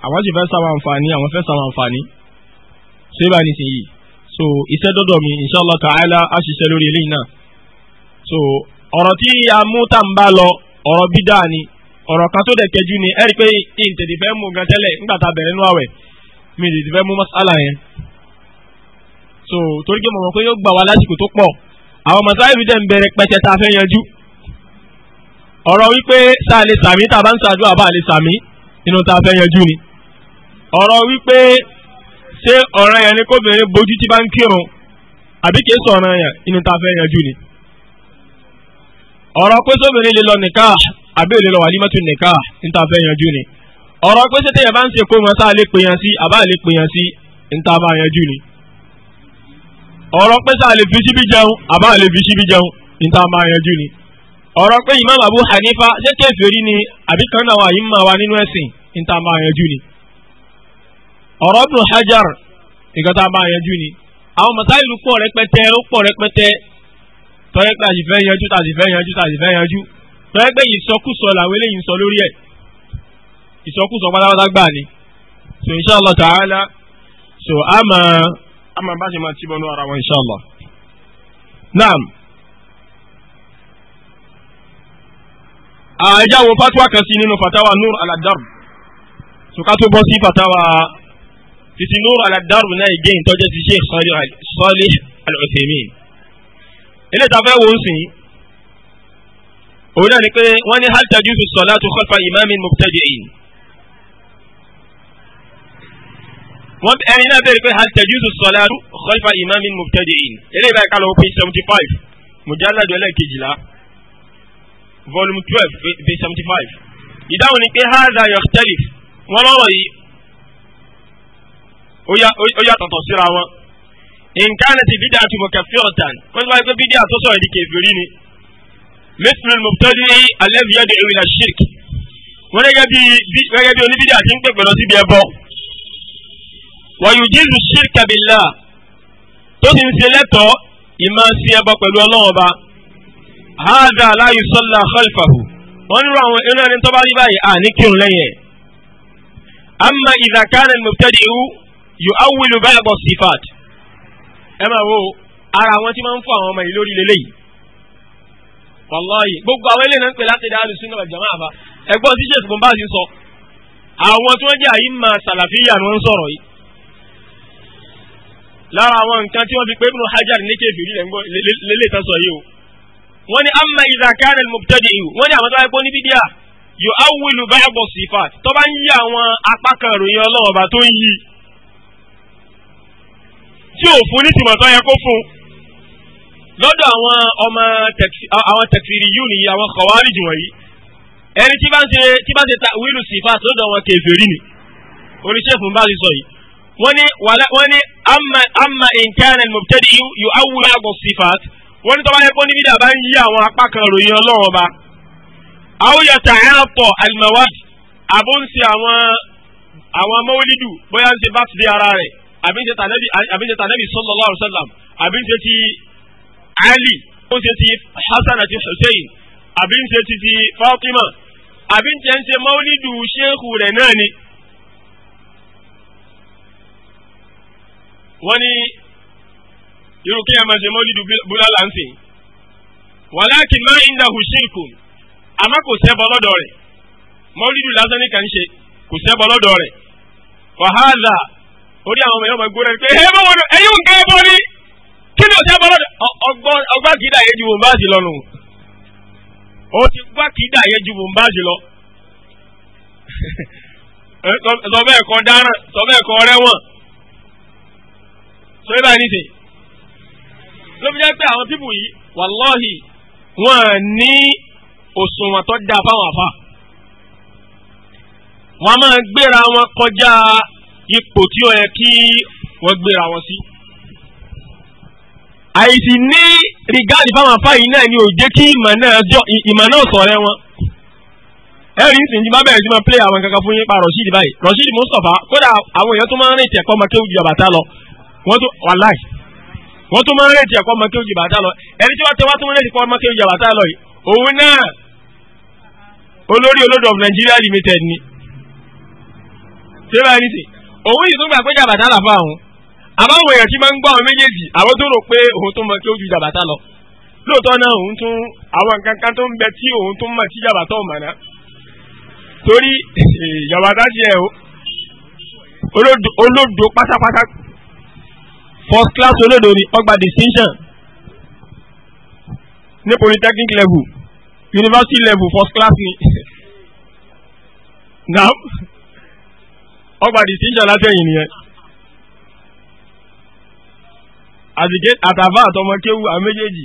àwọn sì fẹ́ sáwọn àǹfààní àwọn fẹ́ sáwọn àǹfààní ṣé bá ní sìn so iṣẹ́ dọ́dọ̀ mi inshallah ta'ala á ṣiṣẹ́ lórí eléyìí náà so ọ̀rọ̀ tí a mú tá n bá lọ ọ̀rọ̀ bídà ni ọ̀rọ̀ kan tó dẹ̀ kẹjú ni ẹ̀rí pé ìǹtẹ̀dì fẹ́ mú gan tẹ́lẹ̀ nígbà tá a bẹ̀rẹ̀ nú àwẹ̀ mi ìǹtẹ̀dì fẹ́ mú masala yẹn so torí pé mo mọ̀ pé yóò gbà wá lásìkò tó pọ̀ àwọn mọ̀sáìbì dẹ̀ ń bẹ̀rẹ̀ pẹ̀tẹ̀ tá a fẹ́ yanjú ọ̀rọ̀ wípé tá a lè sàmí tá a bá ń ṣàdúrà bá a lè sàmí nínú tá a fẹ́ yanjú ni ọ̀rọ̀ wípé ṣé ọ̀ràn yẹn ni kóbìnrin bójú tí bá ń kírun àbí kìí sọ ọ̀ràn yẹn nínú tá a fẹ́ yanjú ni ọ̀rọ̀ pé sóbìnrin lè lọ nìka àbí èlé lọ wà límọ̀tò nìka nínú tá a fẹ́ yanjú ni ọ̀rọ̀ pé sẹ́tẹ̀yẹ bá ń ṣe kó wọn tá a lè pè yàn sí àbá lè pè yàn sí nínú tá a bá yanjú ni ọ̀rọ̀ pé sáà lè fi síbi jẹun àbá lè fi síbi jẹun ní tá a máa yanjú ni ọ̀rọ̀ pé Imam Abu Hanifa ṣé kèfèrí ni àbí kan náà wà yìí máa wà nínú ẹ̀sìn ní tá a máa yanjú ni ọ̀rọ̀ Ibn Hajar nǹkan tá a máa yanjú ni àwọn mọ̀sáìlú pọ̀ rẹpẹtẹ ó pọ̀ rẹpẹtẹ tọ́yẹ́ pé àti fẹ́ yanjú tàti yanjú tàti yanjú tọ́yẹ́ pé ìsọkúsọ làwọn eléyìí ń sọ lórí ẹ̀ ìsọkúsọ pátápátá gbà ni so inshallah ta'ala so a a máa bá ṣe máa ti bọ́nú ara wọn inṣàlá. naam àyà ah, wo fatuwa kan sí nínú fatawa nur aladar sùkà tó bọ́ sí fatawa títí nur aladar náà ìgé ìtọ́jẹ́ ti sheikh Salih Al-Uthaymin ilé ìtafẹ́ wo ń sìn òun náà ni pé wọ́n ní hal tajuzu salatu khalfa imamin mubtadi'in. wọ́n ẹni náà bẹ̀rẹ̀ pé hal tajuzu salatu khalfa imamin mubtadi'in eléyìí báyìí kálọ̀ page seventy five mujalladu ẹlẹ́kejìlá volume twelve page seventy five ìdáhùn ni pé hadha yakhtalif wọ́n lọ́rọ̀ yìí ó yàtọ̀tọ̀ síra wọn nǹkan ti bídà àti mukaffiratan wọ́n ti wáyé pé bídà tó sọ̀rọ̀ di kèfèrí ni mithlu mubtadi'i alladhi yad'u ila shirk wọ́n gẹ́gẹ́ bí oníbídà ti ń pè pẹ̀lú síbi ẹbọ wàyùjíìzù ṣírkà billah tó ti ń ṣe lẹ́tọ̀ọ́ ìmọ̀ sí ẹbọ pẹ̀lú ọlọ́run ọba hada la yusalla khalfahu wọ́n nínú àwọn inú ẹni tó bá rí báyìí àní kírun lẹ́yìn ẹ̀ amma idha kana al-mubtadi'u yu'awwilu ba'd as-sifat ẹ máa wo ara àwọn tí máa ń fọ àwọn ọmọ yìí lórí lélẹ́yìí wàláyé gbogbo àwọn eléyìí náà ń pè láti dá àlùsùn náà jàmá àbá ẹgbọ́n tí sèkùn bá sọ àwọn tí wọ́n jẹ́ àyíǹmà sàlàfíyà ni wọ́n ń sọ̀rọ̀ yìí lára àwọn nǹkan tí wọ́n fi pé Ibn Hajar ní kèfèrí rẹ̀ lélẹ̀ tán sọ yìí o wọ́n ní amma idha kana al-mubtadi'u wọ́n ní àwọn tó wáyé pé ní bídíà yóò awwilu ba'd sifat tó bá ń yí àwọn apá kan ròyìn Ọlọ́run bá tó ń yí tí ò fún ní tìmọ̀ tó yẹ kó fún lọ́dọ̀ àwọn ọmọ àwọn tẹ̀sírí yìí ni àwọn khawarij wọ̀nyí ẹni tí bá ń ṣe tí bá ń ṣe ta'wilu sifat lọ́dọ̀ àwọn kèfèrí ni oníṣẹ́fún bá ti sọ yìí Wani wala wani amma amma nǹkan mọ̀tẹ́dì yóò awúlá àgọ́ sífàt wọ́n wani tọ́wọ́ yẹ kó níbi dàbá ń yí àwọn apá kan ròyìn ọlọ́run ọba. àwòyẹ tààtọ̀ alimawad àbó ń ṣe àwọn àwọn mọ́wúlídù bóyá ń ṣe bá ti di ara rẹ̀ àbí ń ṣe tànẹ́bì sallallahu alaihi wasallam àbí ń ti Ali ó ń ti Hasan ati Hussein àbí ń ti ti Fatima àbí ń ṣe ń ṣe mọ́wúlídù ṣéèkù rẹ̀ wọ́n ní irú kí ẹ máa ṣe mọ́lídù búlálà ń sìn walakin ma indahu shirkun àmọ́ kò sẹ́bọ̀ lọ́dọ̀ rẹ̀ mọ́lídù lásán ní kàn ṣe kò sẹ́bọ̀ lọ́dọ̀ rẹ̀ wa hadha orí àwọn ọmọ yẹn máa gbóná pé ẹ bọ́ wọnú ẹ̀yìn nǹkan ẹ bọ́ ni kí ni òsèbọ̀ lọ́dọ̀ ọgbà kìdá yẹn ju bòmbáàsì lọ nù ó ti gbà kìdá yẹn ju bòmbáàsì lọ sọ bẹ́ẹ̀ kọ dáràn sọ bẹ́ẹ̀ kọ rẹ́wọ̀n sọ yìí báyìí nìsín ló fi jẹ́ pé àwọn pípù yìí wàlọ́ọ̀hì wọ́n ní òṣùwọ̀n tó dáa fáwọn àfa wọ́n máa gbéra wọn kọjá ipò tí ó yẹ kí wọ́n gbéra wọn sí. àìsí ní rìgáàdì fáwọn àfa yìí náà ni ò jẹ́ kí ìmọ̀ náà sọ̀rẹ́ wọn ẹ̀rí ń sìn jí bá bẹ̀rẹ̀ sí máa play àwọn kankan fún yín pa Rashid báyìí Rashid Mustapha kódà àwọn èèyàn tó máa ń rìn tẹ̀kọ́ máa kéwù ju àbàtà lọ wọ́n tó wàláì wọ́n tó máa ń rètí ẹ̀kọ́ ọmọ kí ó jì bàtà lọ ẹni tí wọ́n tẹ wá tó ń rètí ẹ̀kọ́ ọmọ kí ó jì bàtà lọ yìí òun náà olórí olódò of Nigeria limited ni ṣébà ẹni sì òun yìí tún gbà pé jàbàtà là fún àwọn àbáwọn èèyàn tí máa ń gbọ́ àwọn méjèèjì àwọn tó rò pé òun tó mọ kí ó ju jàbàtà lọ lóòótọ́ náà òun tún àwọn nǹkan kan tó ń bẹ tí òun tún mọ̀ tí jàbàtà ò mọ̀ torí jàbàtà ṣe o olódò pátápátá first class olódo ni ọgbà distinction ní polytechnic level university level first class ni na ọgbà distinction látẹ̀yìn nìyẹn àtàfà àtọmọ kéwù àwọn méjèèjì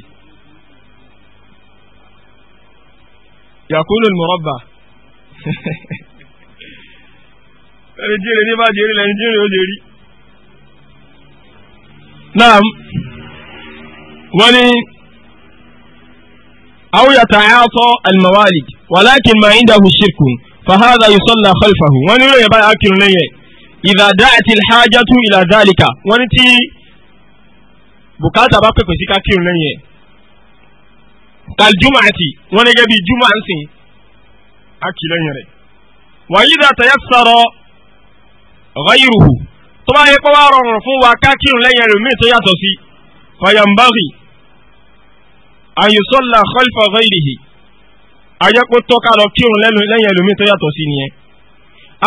yakunu mọ̀rọ̀bà ẹni jíire ní bá jẹ́rí lẹ́ni jíire ó lè rí naam wọ́n ní أو يتعاطى الموالد ولكن ما عنده الشرك فهذا يصلى خلفه ونرى يبقى أكل ليه إذا دعت الحاجة إلى ذلك ونتي bùkátà bá pèpè sí ká kírun lẹ́yìn ẹ̀ kaljuma àti wọn gẹ́gẹ́ bíi juma ń sìn á kì lẹ́yìn rẹ̀ wàyí dàtà yẹ sọ̀rọ̀ ọ̀gáyìrùhù tó bá yẹ kó wá rọrùn fún wa ká kírun lẹ́yìn ẹlòmíì tó yàtọ̀ sí fayambari ayùsọ́là khalfa ghayrihi ayẹ́pọ̀ tọ́ka lọ kírun lẹ́yìn ẹlòmíì tó yàtọ̀ sí nìyẹn.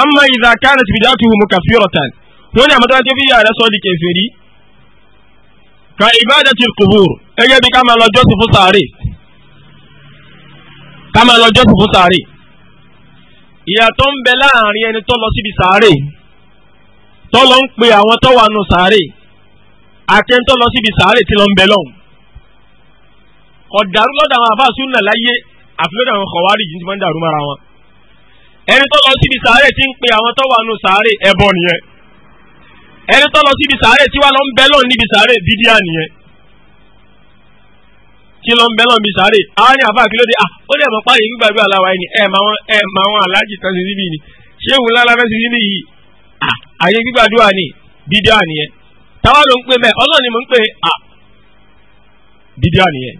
amma idha kanat bid'atuhu mukaffiratan wọ́n ní àmọ́tọ́ tó fi yà rẹ sọ di kèfèrí. ka ibadati al-qubur ẹgẹ́ bí ká máa lọ jọ́sìn fún sàárè ká máa lọ jọ́sìn fún sàárè ìyàtọ̀ ń bẹ láàrin ẹni tó lọ síbi sàárè tọ́lọ́ ń pe àwọn tọ́wọ́ àánú sàárè àtẹ́ńtọ́ lọ síbi sàárè tí lọ ń bẹ lọ́hùn. ọ̀dàrú lọ́dọ̀ àwọn àbá súnà láyé àfi lọ́dọ̀ àwọn kọ̀wárì yìí ti máa ń dàrú mọ́ra wọn. ẹni tó lọ síbi sàárè tí ń pe àwọn tọ́wọ́ àánú sàárè ẹbọ nìyẹn. ẹni tó lọ síbi sàárè tí wàá lọ ń bẹ lọ́hùn níbi sàárè bídíà nìyẹn. tí lọ ń bẹ lọ́hùn níbi sàárè àwọn ni àbá àkìlóde à ah, ó dẹ̀ mọ̀ páyì gbígbàgbé aláwa ẹni ẹ̀ máa wọn aláàjì tán sí síbi ni ṣé wùlá aláfẹ́ sí síbi yìí àyè gbígbàdúrà ni bídíà anyị ya. ló ń pè mẹ́ ọlọ́run ni mkpe a pè anyị ya. nìyẹn.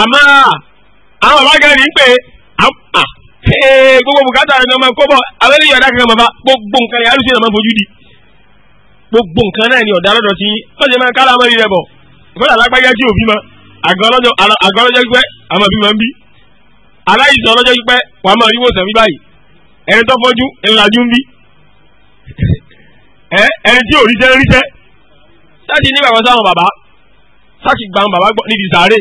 àmọ́ àwọn bàbá gẹ̀rẹ́ ń pè gbogbo bùkátà ẹni ọmọ kọ́bọ̀ àwọn eléyìí ọ̀dà gbogbo nǹkan ya alùsùn ọmọ fojú di gbogbo nǹkan náà ni ọ̀dà lọ́dọ̀ ti lọ́jọ́ máa kálá bọ. rírẹ̀ bọ̀ ìfọ́nà alágbájá tí òbí ma ma ẹni ẹ ẹni tí ò ríṣẹ́ ríṣẹ́ sáàtì nígbàgbọ́ sáwọn bàbá sáàtì bàbá gbọ́ níbi sàárè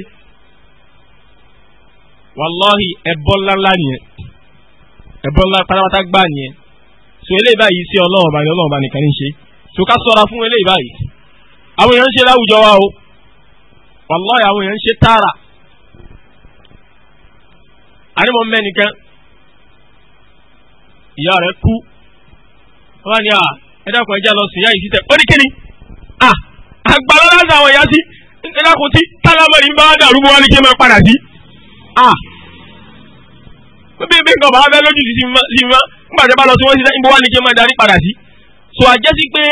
wàláhì ẹbọ ńláńlá nìyẹn ẹbọ ńlá pátápátá gbà nìyẹn so eléyìí báyìí sí ọlọ́run ọba ni ọlọ́run ọba nìkan ní ṣe so ká sọra fún eléyìí báyìí àwọn èèyàn ń ṣe láwùjọ wa o wàláhì àwọn èèyàn ń ṣe tààrà ànímọ̀ mẹ́nìkan ìyá kú wọ́n ní à ẹ dákun ẹjá lọ sùn yá yìí títẹ ó ní kíni àgbàlá láti àwọn ìyá sí ẹ dákun tí tálámọ̀rì ń bá wá dàrú bó wá ní kí n máa padà sí. bí bí nǹkan bàbá fẹ́ lójú sí sí ma nígbà tí a bá lọ sí wọ́n sí ibo wá ní kí n máa darí padà sí. sọ àjẹ́ sí pé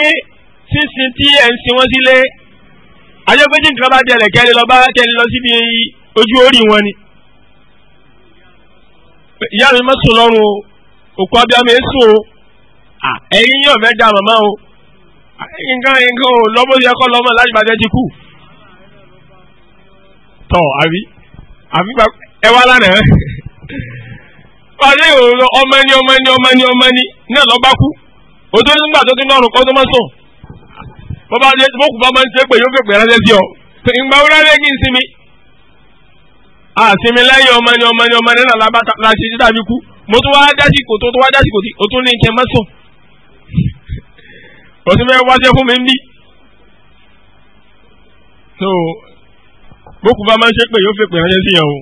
sísin tí ẹ̀ ń sin wọ́n sílé àjẹ́ nǹkan bá dẹ̀lẹ̀ kẹ́lẹ́ lọ bá kẹ́lẹ́ lọ síbi ojú orí wọn ni. ìyá mi má sùn lọ́rùn òkú abiyamọ èso ẹ̀yin yóò fẹ́ da màmá o nǹkan nǹkan ò lọ́mọ yẹ kọ́ lọ́mọ láti bàtẹ́ ti kú. tọ́ àbí àbí ẹ wá lánàá pàdé òòrùn ọmọ ẹni ọmọ ẹni ọmọ ẹni ọmọ ẹni náà lọ́ bá kú òtún nígbà tó ti lọ́rùn kọ́ tó máa sùn bọ́bá adé tó kù bá máa ń ṣe pé yóò fèpè ránṣẹ́ sí ọ ìgbà wúrẹ́ lé kí n sinmi àsinmi lẹ́yìn ọmọ ẹni ọmọ ẹni ọmọ ẹni náà láti dàbí kú mo tún wá dásìkò tó tún wá dásìkò tí òtún ní kí o ti fẹ́ wáṣẹ́ fún mi ń so bókù bá máa ń ṣe pé yóò fi pè ránṣẹ́ sí yẹn o.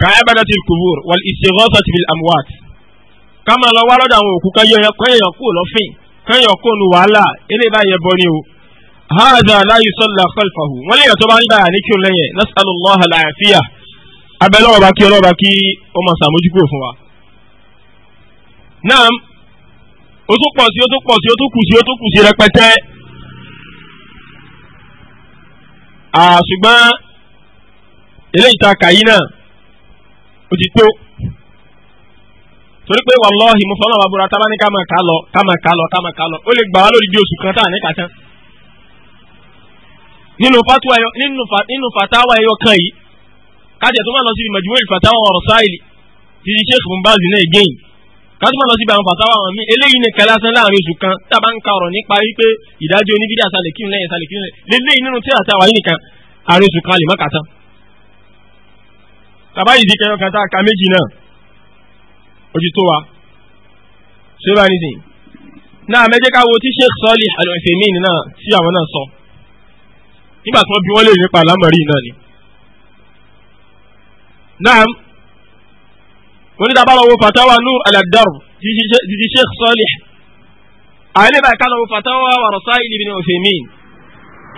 ka ibadati al-qubur wal istighathati bil amwat. ká máa lọ wá lọ́dọ̀ àwọn òkú ká yọyàn kọ́ èèyàn kú lọ́fìn kọ́ èèyàn kó nu wàhálà eléyìí báyẹn bọ́ ni o. hadha la yusalla khalfahu wọ́n lè yàn tó bá ń báyà ní kí n lẹ́yìn nas'alullaha al-afiya abẹ́lẹ́ ọba kí ọlọ́ba kí ó máa fún wa. naam ó tún pọ̀ sí ó tún pọ̀ sí ó tún kù sí ó tún kù sí rẹpẹtẹ. ṣùgbọ́n eléyìí tá a kà yìí náà ó ti tó torí pé wàlọ́ọ̀hì mo fọlọ́ àbúrò tá a bá ní ká máa kà á lọ ká máa kà á lọ ká máa kà á lọ ó lè gbà wá lórí bí oṣù kan tá a ní kàtán nínú fatuwa yọ nínú fa nínú fatawa yọ kan yìí kájà tó máa lọ sí ìmọ̀júwèé fatawa ọ̀rọ̀ sáìlì ti di sheikh mumbazi náà gẹ́yìn kátùmọ̀ lọ síbi àwọn fàtàwà wọn mí eléyìí ní kẹlẹ́ asán láàrin oṣù kan tábà ń ka ọ̀rọ̀ nípa wípé ìdájọ́ oníbídà sálẹ̀ kí n lẹ́yìn sálẹ̀ kí n lẹ́yìn lélẹ́yìn nínú tí àtàwà yìí nìkan àárín oṣù kan lè má kàtá. tàbá yìí di kẹyọ kàtá ka méjì náà ojú tó wa ṣé bá nìsín. náà mẹ́jẹ́ ká wo tí Sheikh Salih Al-Uthaymeen náà tí àwọn náà sọ nígbà tí wọ́n bí wọ́n lè nípa àlámọ̀rí náà ni. náà onídàbàlọ́wọ́ fatawa nur aladar jìjì sheikh salih àyẹ̀lẹ́ báyìí ká lọ́wọ́ fatawa wa rasail ibn uthaymin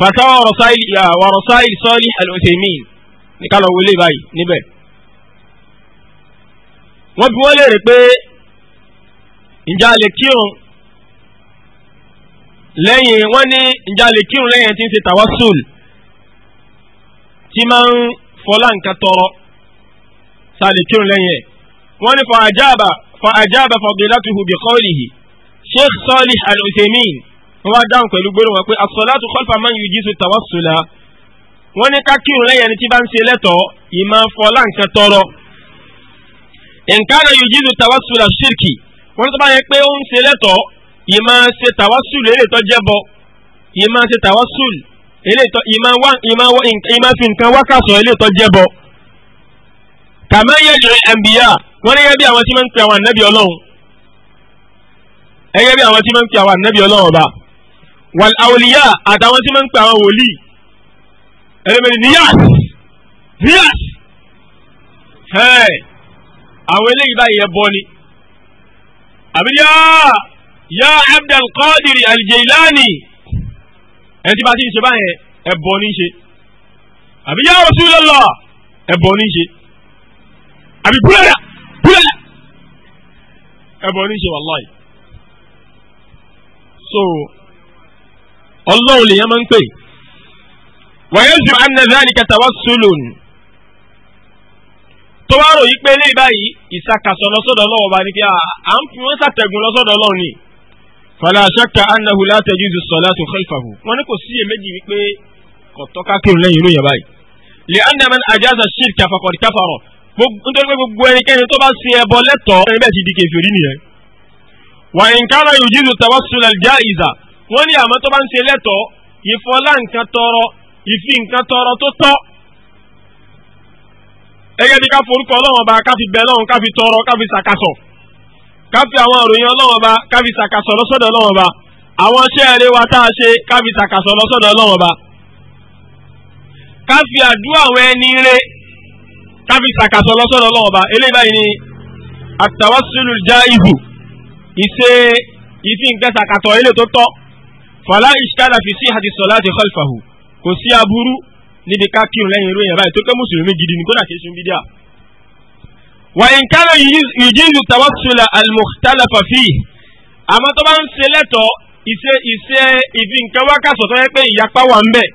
fatawa rasail wa rasail salih al-uthaymin ní ká lọ́wọ́ lé báyìí níbẹ̀. wọ́n bí wọ́n léèrè pé ìjà kírun lẹ́yìn wọ́n ní ìjà kírun lẹ́yìn tí ń ṣe tawassul tí máa ń fọlá nǹkan tọrọ sáà lè kírun lẹ́yìn ẹ̀ wọ́n ní fàájáàbà fàájáàbà fadilatuhu bi qawlihi sheikh salih al-uthaymin wọ́n wá dáhùn pẹ̀lú gbólóhùn wọn pé as-salatu khalfa man yujizu tawassula wọ́n ní kákírun lẹ́yìn ẹni tí bá ń ṣe lẹ́tọ̀ọ́ ìmọ̀ fọlá nǹkan tọrọ in kana yujizu tawassula shirki wọ́n tó bá yẹ pé ó ń ṣe lẹ́tọ̀ọ́ ìmọ̀ ṣe tawassul eré tó jẹ́ bọ ìmọ̀ ṣe tawassul eré tó ìmọ̀ fi nǹkan wákàtọ̀ eré tó jẹ́ bọ kàmẹ́yẹ̀ lè ẹ̀mbíyà wọ́n ní gẹ́gẹ́ bí àwọn tí máa ń pe àwọn ànábì ọlọ́run gẹ́gẹ́ bí àwọn tí máa ń pe àwọn ànábì ọlọ́run ọba wal awliya àtàwọn tí máa ń pe àwọn wòlíì ẹlẹ́mẹ̀lì níyàs níyàs àwọn eléyìí báyìí yẹ bọ́ ni àbíyá yá Abdul Qadir al-Jilani ẹni bá ti ṣe báyẹn ẹbọ ní ṣe àbíyá Rasulullah ẹbọ ní ṣe àbí búlẹ̀ ẹbọ ní ṣe wàláì so ọlọ́run lèyàn máa ń pè wàyẹ́sù anazali katawassulun tó bá rò yí pé ní báyìí ìsakàsọ lọ́sọ̀dọ̀ ọlọ́wọ́ bá ní kí ah, à ń fi wọ́n sàtẹ̀gùn lọ́sọ̀dọ̀ ọlọ́run ni fala shakka annahu la tajuzu salatu khalfahu wọn ní kò sí èméjì wípé kọ̀tọ́ká kírun lẹ́yìn inú yẹn báyìí li anna man ajaza shirka faqad kafara nítorí pé gbogbo ẹnikẹ́ni tó bá ṣe ẹbọ lẹ́tọ̀ọ́ ẹni bẹ́ẹ̀ ti di kèfèrí nìyẹn. wà á nkárà yóò jíjù tawassul al-jaiza wọ́n ní àmọ́ tó bá ń ṣe lẹ́tọ̀ọ́ ìfọlá nǹkan tọrọ ìfi nǹkan tọrọ tó tọ́. ẹgẹ́ bí ká forúkọ Ọlọ́run Ọba ká fi bẹ Ọlọ́run ká fi tọrọ ká fi sàkàsọ̀ ká fi àwọn àròyìn Ọlọ́run Ọba ká sàkàsọ̀ lọ́sọ̀dọ̀ Ọlọ́run Ọba káfí sàkàsọ lọ́sọ̀rọ̀ ọlọ́run ọba eléyìí báyìí ni àtàwásílù já ìhù ìṣe ìfi nǹkan sàkàsọ ilé tó tọ́ fàlà ìṣkádà fi sí àti sọ̀lá àti khalfahu kò sí aburú níbi ká kírun lẹ́yìn irú èèyàn báyìí tó pé mùsùlùmí gidi ní kódà kìí sun bídíà. wà in kana yujizu tawassula al-mukhtalafa fihi àmọ́ tó bá ń ṣe lẹ́tọ̀ọ́ ìṣe ìṣe ìfi nǹkan tó yẹ pé ìyapa wà ń bẹ̀.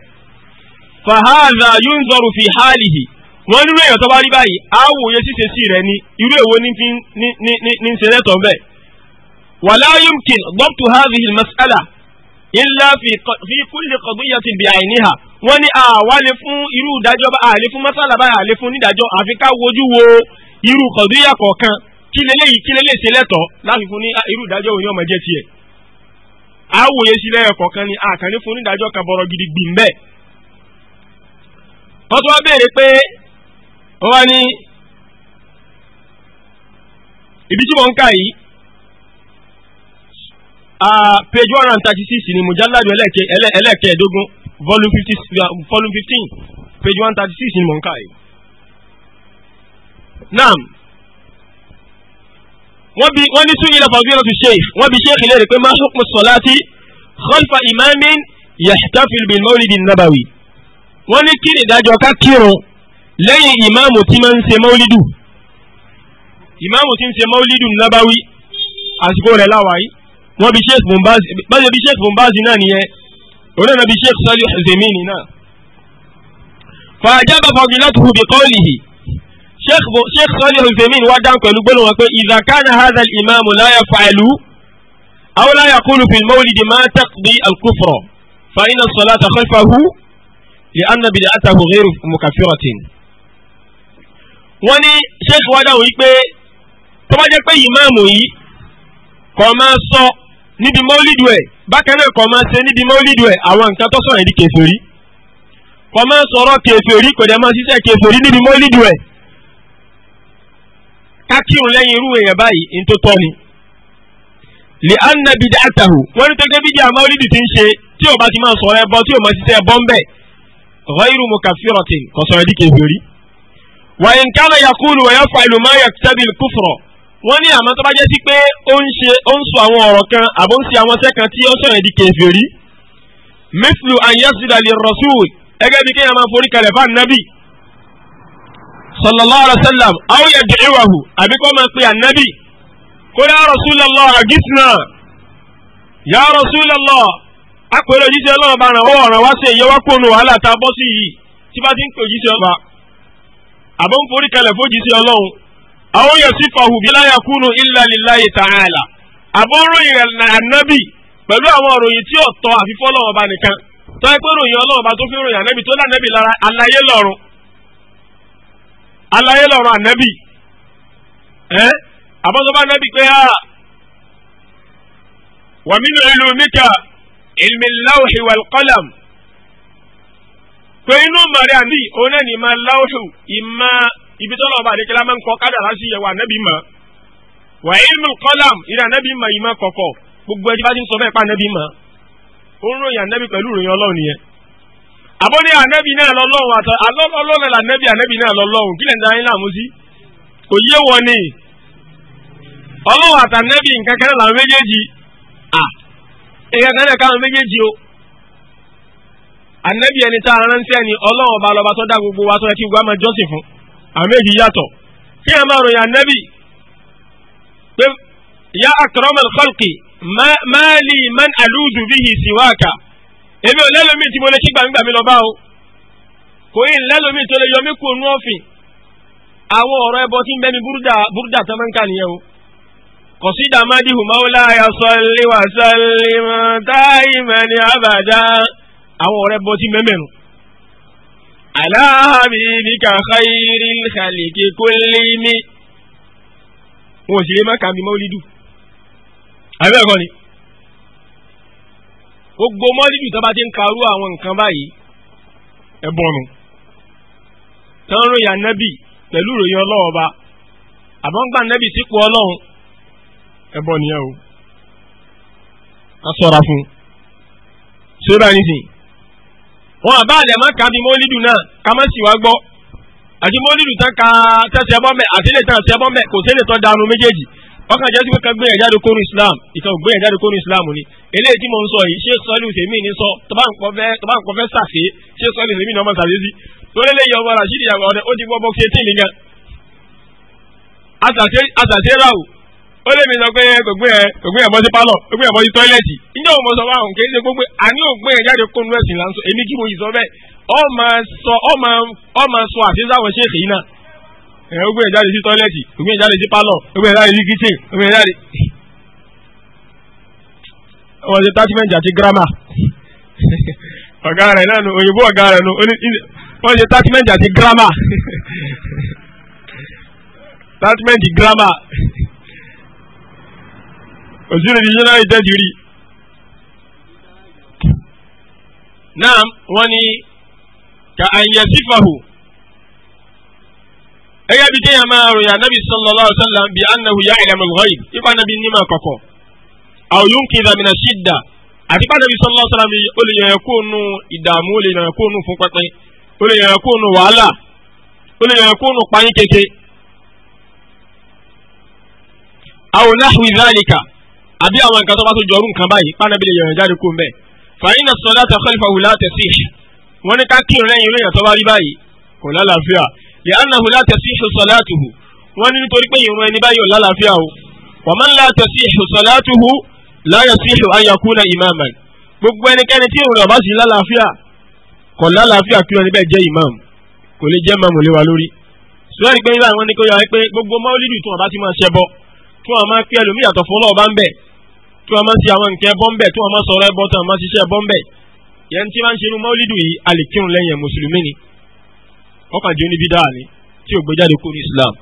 fahadha yunzaru fi halihi wọ́n nínú èèyàn tó bá rí báyìí àwòye ṣíṣe sí rẹ̀ ni irú èwo ní ti ní ṣe lẹ́tọ̀ ń bẹ̀. wala yumkin dabtu hadhihi al-mas'ala illa fi kulli qadiyatin bi'ayniha wọ́n ní àwa lè fún irú ìdájọ́ bá àlè fún mas'ala bá àlè fún nídàjọ́ àfi ká wojú wo irú qadiyya kọ̀ọ̀kan kí leléyìí kí leléyìí ṣe lẹ́tọ̀ láti fún ní irú ìdájọ́ òní ọmọ jẹ́ tiẹ̀ àwòye sí lẹ́yọ̀ kọ̀ọ̀kan ni àkànní fún nídàjọ́ kan bọ̀rọ̀ gidi gbìm bẹ́ẹ̀. wọ́n tún wá béèrè pé wọ́n wá ní ibi tí mo ń kà yìí page one hundred thirty six ni mujalladu ẹlẹ́kẹ̀ẹ́dógún volume fifty volume fifteen page one thirty six ni mo ń kà yìí. naam wọ́n bi wọ́n ní sún ilẹ̀ fadilatu sheikh wọ́n bi sheikh léèrè pé ma hukmu salati khalfa imamin yahtafil bil mawlidi nabawi wọ́n ní kí ni ìdájọ́ ká kírun lẹ́yìn ìmáàmù tí máa ń ṣe maulidu ìmáàmù tí ń ṣe maulidu nabawi àsìkò rẹ̀ láwàáyí wọ́n bí sheikh bombazi báyọ̀ bí sheikh bombazi náà nìyẹn òun náà bí sheikh sali zemini náà. fàájábà fagilatu bi qawlihi sheikh sali zemini wá dáhùn pẹ̀lú gbólóhùn wọn pé idha kana hadha al-imamu la yaf'alu aw la maulidi ma taqdi al-kufra fa inna as-salata khalfahu li anna bid'atahu ghayru mukafiratin wọ́n ní sheikh wada wí pé tó bá jẹ́ pé ìmáàmù yìí kò máa sọ níbi mọ́lídù ẹ̀ bákan náà kò máa ṣe níbi mọ́lídù ẹ̀ àwọn nǹkan tó sọ̀rọ̀ di kèfèrí kò máa sọ̀rọ̀ kèfèrí kò dẹ̀ máa ṣiṣẹ́ kèfèrí níbi mọ́lídù ẹ̀ kákírun lẹ́yìn irú èèyàn báyìí ní tó tọ́ ni. lè anna bid'atahu wọ́n ní tẹ́gẹ́ bídí àmọ́ olídì ti ń ṣe tí ò bá ti máa sọ̀rọ̀ ẹbọ tí ò máa ṣiṣẹ́ ẹbọ ń bẹ̀ ghayru mukaffiratin kò sọ̀rọ̀ di kèfèrí wa in kana yaqulu wa yaf'alu ma yaktabi al-kufra wọ́n ní àmọ́ tó bá jẹ́ sí pé ó ń ṣe ó ń sọ àwọn ọ̀rọ̀ kan àbó ń ṣe àwọn iṣẹ́ kan tí ó sọ̀rọ̀ di kèfèrí mislu an yasjuda lir-rasul ẹgẹ́ bí kéèyàn máa forí kalẹ̀ fún anabi sallallahu alayhi wa sallam aw yad'uhu àbí kó máa pe anabi kó ya rasulallah agisna ya rasulallah akpẹ̀rẹ̀ òjíṣẹ́ náà bá ràn wọ́n ràn wá sí èyí wá kó nu wàhálà tá a bọ́ sí yìí tí bá ti ń pè òjíṣẹ́ náà àbọ̀ ń forí kalẹ̀ fojì sí ọlọ́run àwọn yẹn sì fa hùbí láyà kúnnù illa lillahi ta'ala àbọ̀ ròyìn rẹ̀ ànábì pẹ̀lú àwọn òròyìn tí ọ̀tọ̀ àfifọ́lọ́wọ́ bá nìkan tó ẹgbẹ́ ròyìn ọlọ́wọ́ bá tó fi ròyìn ànábì tó lànàbì lára alayé lọ́rùn alayé lọ́rùn ànábì ẹ́ àbọ̀sọ́bá ànábì pé á ah, wàmínú ìlú mika ilmi lawhi pé inú mariam yìí onye náà ní ma láwùjọ ibi tó lọ́ọ́ bá àdékẹ́ la máa ń kọ́ kádàrá sí ma wà ilmu kọ́làm gbogbo ẹni bá ti ń sọ bẹ́ẹ̀ pa ànábì mọ̀ ó ń ròyìn ànábì pẹ̀lú ìròyìn ọlọ́run nìyẹn àbọ̀dé náà lọ́lọ́run náà lọ́lọ́run kí ni na ànábì ẹni tá a ránṣẹ́ ni ọlọ́run ọba lọ́ba tó dá gbogbo wa tó yẹ kí gbogbo àmọ́ jọ́sìn fún àmì èyí yàtọ̀ kí a máa ròyìn ànábì pé ya akramal khalqi máàlì man alúdù bihi siwaka èmi ò lẹ́lómi tí mo lè kí gbàmígbàmí lọ bá o kò yín lẹ́lómi tó lè yọ mí kú ònú ọ̀fìn àwọn ọ̀rọ̀ ẹbọ tí ń bẹ́ni búrúdà tó máa ń kà nìyẹn o kọ̀sídà má dìhùn máwúlá ayasọ́lé wàsọ́lé mọ́ táyì mẹ́ni àwọn ọ̀rẹ́ bọ́ sí mẹ́mẹ́nu. ala habibika khairil khaliki kullimi wọn ò sì lè má kàmí mọ́lídù àbẹ́ ẹ̀kọ́ ni gbogbo mọ́lídù tó bá ti ń karú àwọn nǹkan báyìí ẹ̀bọ̀nù tán ròyìn ànábì pẹ̀lú ìròyìn ọlọ́wọ́ ba àmọ́ ń gbà sípò ọlọ́run ẹ̀bọ̀ nìyẹn o fún un ṣé nìsín wọn àbá àlẹ má ka bí mọ́lídù náà ká má sì wá ka tẹ̀sẹ̀ bọ mẹ́ àtẹ̀lẹ̀ tán ṣẹ́ bọ́ mẹ́ kò sẹ́lẹ̀ tán dànù méjèèjì ọkàn jẹ́ sípé kan gbé ẹ̀jáde islam ìkan gbé ẹ̀jáde kóró islam ni eléyìí tí mo ń sọ yìí ṣé sọ́ọ́lì tèmi ní sọ tọba nǹkan ṣé ọmọ sí ọmọ rashidi ọdẹ ó ó lè mi sọ pé gbogbo ẹ gbogbo ẹ bọ́ sí pálọ̀ gbogbo ẹ bọ́ sí tọ́ílẹ̀tì ìjọ òun mọ̀ sọ fáwọn kì í ṣe gbogbo àní ògbé ẹ̀ jáde kó nu ẹ̀sìn là èmi kí mo yìí sọ bẹ́ẹ̀ ọ máa sọ àfisáwọn ṣéèkì yìí náà ẹ̀ gbogbo ẹ̀ jáde sí tọ́ílẹ̀tì gbogbo ẹ̀ jáde sí pálọ̀ gbogbo ẹ̀ jáde sí kíchìn gbogbo ẹ̀ jáde. wọ́n ṣe tátímẹ̀ntì àti gírámà ọ̀gá rẹ̀ náà nù òyìnbó ọ̀gá rẹ̀ nù wọ́n ṣe tátímẹ̀ntì àti gírámà tátímẹ̀ntì gírámà òsìrì ní general ìtẹ́jú rí. náà wọ́n ní ka àyẹ̀ sífàhù ẹ̀yẹ́ bi kéèyàn máa ròyìn anabi sallallahu alayhi wa sallam bi annahu ya'lamul ghaib ipa anabi ní ma kọ̀kọ̀ aw yunqidha mina shidda àti ipa anabi sallallahu alayhi wa sallam olùyẹ̀yẹ̀ kóònù ìdààmú olùyẹ̀yẹ̀ kóònù fún pẹ́pẹ́ olùyẹ̀yẹ̀ kóònù wàhálà olùyẹ̀yẹ̀ kóònù pààyàn kéke aw nahwi dhalika àbí àwọn nǹkan tó bá tó jọrú nǹkan báyìí pànàbí lè yọ̀yàn jáde kó ń bẹ̀. fàyín náà sọ láti ọkọ̀ ìfọwù láti sí i wọ́n ní ká kírun lẹ́yìn lóyìn tó bá rí báyìí kò lálàáfíà lè anahu láti sí ìṣù sọláàtùhù wọ́n ní nítorí pé ìrun ẹni báyìí ò lálàáfíà o wọ́n máa ń láti sí ìṣù sọláàtùhù láyọ̀ sí ìṣù ayakuna imaman gbogbo ẹnikẹ́ni tí imam kò lè jẹ́ imam lé wa lórí sọ́ọ́rì pé nígbà wọn ni kò yọ wáyé pé gbogbo mọ́lídìí tí máa ṣẹbọ pẹ́ ẹlòmíyàtọ̀ fún ọlọ́ọ̀bá ń bẹ̀ tí wọ́n máa ń ṣe àwọn nǹkan ẹbọ ńbẹ̀ tí wọ́n máa sọ̀rọ̀ ẹbọ tí wọ́n máa ṣiṣẹ́ ẹbọ ńbẹ̀ yẹn tí wọ́n ń ṣe inú mọ́lídù yìí alìkírun lẹ́yìn mùsùlùmí ni ọkàn jẹ́ oníbi ni tí ò gbéjáde kú ní Islam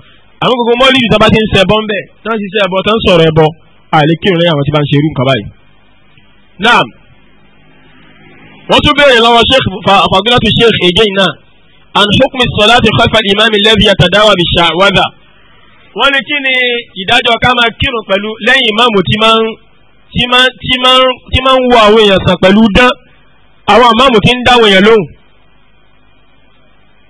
àwọn gbogbo mọ́lídù tá a bá ti ń ṣe ẹbọ ńbẹ̀ tá ń ṣiṣẹ́ ẹbọ tá ń sọ̀rọ̀ ẹbọ alìkírun lẹ́yìn àwọn tí bá ń ṣe irú nǹkan báyìí. naam wọ́n tún béèrè lọ́wọ́ sheikh fagilatu sheikh again náà an hukmi salati khalfa al-imam alladhi yatadawa tí máa ń wo àwọn èèyàn sàn pẹ̀lú dán àwọn àmọ́mù tí ń dá àwọn èèyàn lóhùn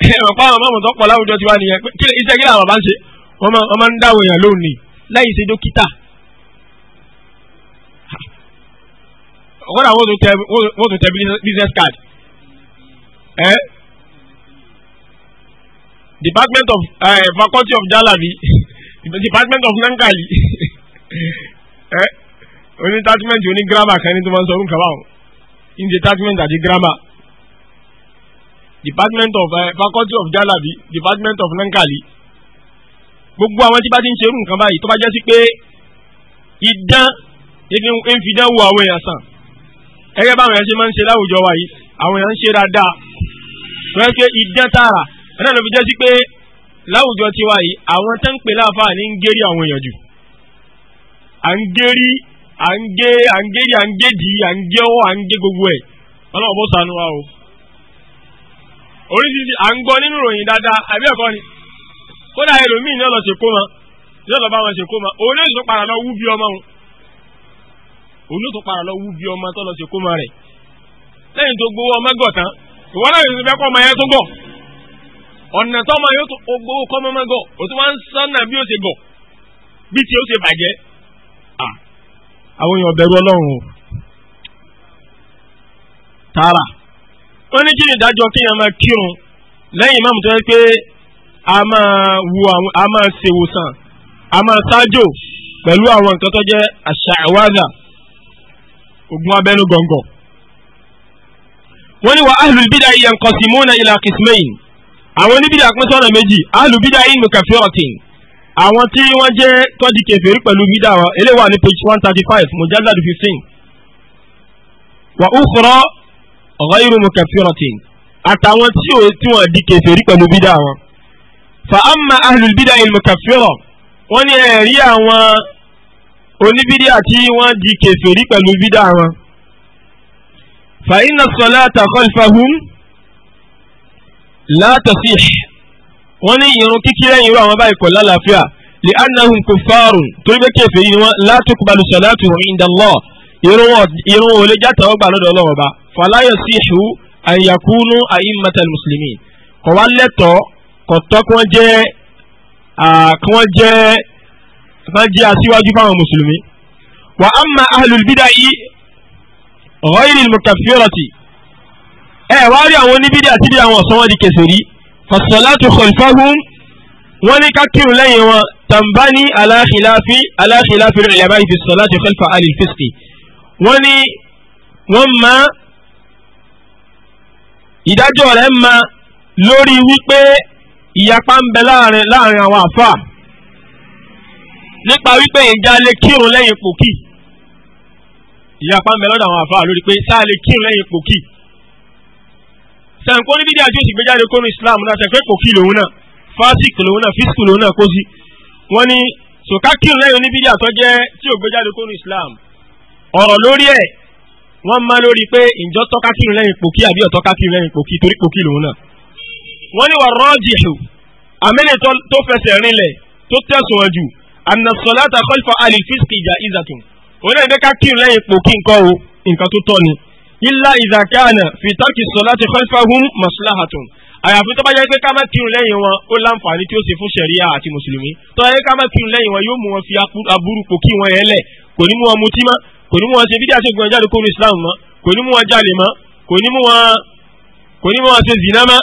ẹ̀rọ pa àwọn àmọ́mù tó pọ̀ láwùjọ ti wá nìyẹn pé iṣẹ́ kí làwọn bá ń ṣe wọ́n máa ń dá àwọn èèyàn lóhùn ni láì ṣe dókítà kódà wọ́n tún tẹ business card eh? department of uh, faculty of Jalabi department of Nankali. eh? oní tátímẹ́ǹtì oní gírámà kan ní tó máa ń sọ orúkọ báwọn in detachment àti grammar department of uh, faculty of jalabi department of nankali gbogbo àwọn tí bá ti ń ṣerú nǹkan báyìí tó bá jẹ́ sí pé ìdán ń fi dán wo àwọn èèyàn sàn ẹgbẹ́ báwọn èèyàn ṣe máa ń ṣe láwùjọ wa yìí àwọn èèyàn ń ṣe dáadáa tó yẹ pé ìdán tààrà ẹ̀rọ ló fi jẹ́ sí pé láwùjọ tiwa yìí àwọn tó ń pè láǹfààní ń gérí àwọn èèyàn jù à ń gérí ange ange gé ange di ange yà ange gé dì à ń gé ọwọ́ gbogbo ẹ̀ ọlọ́run bó ṣàánú wa o. oríṣiríṣi à ń gbọ́ nínú ìròyìn dáadáa àbí ẹ̀kọ́ ni kódà ẹlòmíì ní ma ní bá wọn ṣèkó ma òun ló tún para lọ wú bí ọmọ wọn òun ma lẹ́yìn tó gbowó ọmọ gọ̀ tán ìwọ náà yóò fẹ́ kọ́ ọmọ yẹn àwọn èèyàn bẹ̀rù ọlọ́run o tààrà ó ní kí ni ìdájọ́ kéèyàn máa kírun lẹ́yìn ìmáàmù tó yẹ pé a máa wo àwọn a máa ṣèwòsàn a máa ṣáájò pẹ̀lú àwọn nǹkan tó jẹ́ àṣàwádà ogun abẹ́nú gọ̀ǹgọ̀. wọ́n ní wa ahlul bid'ah yanqasimuna ila qismayn àwọn oníbídà pín sọ́nà méjì ahlul bid'ah mukaffiratin àwọn tí wọ́n jẹ́ tọ́jú kẹfẹ́rí pẹ̀lú bídà wọn eléwà ní page one thirty five mujalladu fifteen wa ukhra ghayru mukaffiratin àtàwọn tí ò tí wọ́n di kẹfẹ́rí pẹ̀lú bídà wọn. fa amma ahlul bídà il mukaffira wọ́n ní ẹ̀rí àwọn oníbídà tí wọ́n di kẹfẹ́rí pẹ̀lú bídà wọn. fa inna salata khalfahum la tasih wọ́n ní irun kíkí lẹ́yìn irú àwọn báyìí kò lálàáfíà lè anahun kò fáàrùn torí pé kéfì yìí ni wọ́n látòkù balu sàlátù ìdánlọ́ irun ò lè játa ọgbà lọ́dọ̀ ọlọ́wọ́ bá fàlàyé sí ìṣù àyàkúnú àyímọ̀tàl mùsùlùmí kò wá lẹ́tọ̀ kò tọ́ kí wọ́n jẹ́ kí wọ́n jẹ́ kí jẹ́ aṣíwájú fáwọn mùsùlùmí. wà á ma ahlul bid'ah ọ̀rọ̀ ìrìn mùkàfíọ́rọ̀tì ẹ̀ wá rí àwọn oníbídà àti fasolatu kọlfahun wọ́n ní kákírù lẹ́yìn wọn tàǹbání aláhìláfi aláhìláfi rẹ̀ ìlàbá ìfi solatu kọlfa alìfiski wọ́n ní wọ́n ma ìdájọ́ rẹ̀ ma lórí wípé ìyapa ń bẹ láàrin láàrin àwọn àfà nípa wípé ìjà lè kírun lẹ́yìn pòkì ìyapa ń bẹ lọ́dọ̀ àwọn àfà lórí pé sáà lè kírun lẹ́yìn pòkì sẹ̀ǹkó ní bídíà tí ó sì gbé kónú islam náà sẹ̀ǹkó kò kí lòun náà fásitì lòun náà físìkì lòun náà kó sí wọn ni sòká kírun lẹ́yìn ní bídíà tó jẹ́ tí ò gbé jáde kónú islam ọ̀rọ̀ lórí ẹ̀ wọ́n má lórí pé ìjọ tọ́ka kírun lẹ́yìn pòkí àbí ọ̀tọ́ka kírun lẹ́yìn pòkí torí pòkí lòun náà wọ́n ní wà rọ́ọ̀jì ṣù àmẹ́lẹ̀ tó fẹsẹ̀ rinlẹ̀ tó tẹ̀sùn jù ànàsọ̀lá illa idha kana fi tarki salati khalfahum maslahatun àyàfi tó bá jẹ́ pé ká má kírun lẹ́yìn wọn ó láǹfààní tí ó ṣe fún ṣẹ̀ríà àti mùsùlùmí tó yẹ ká má kírun lẹ́yìn wọn yóò mú wọn fi aburú kò kí wọn yẹn lẹ̀ kò ní mú wọn mutí mọ́ kò ní mú wọn ṣe bídíà ṣe gbọ̀n jáde kóru islam mọ́ kò ní mú wọn jalè mọ́ kò ní mú wọn kò ní mú wọn ṣe zina mọ́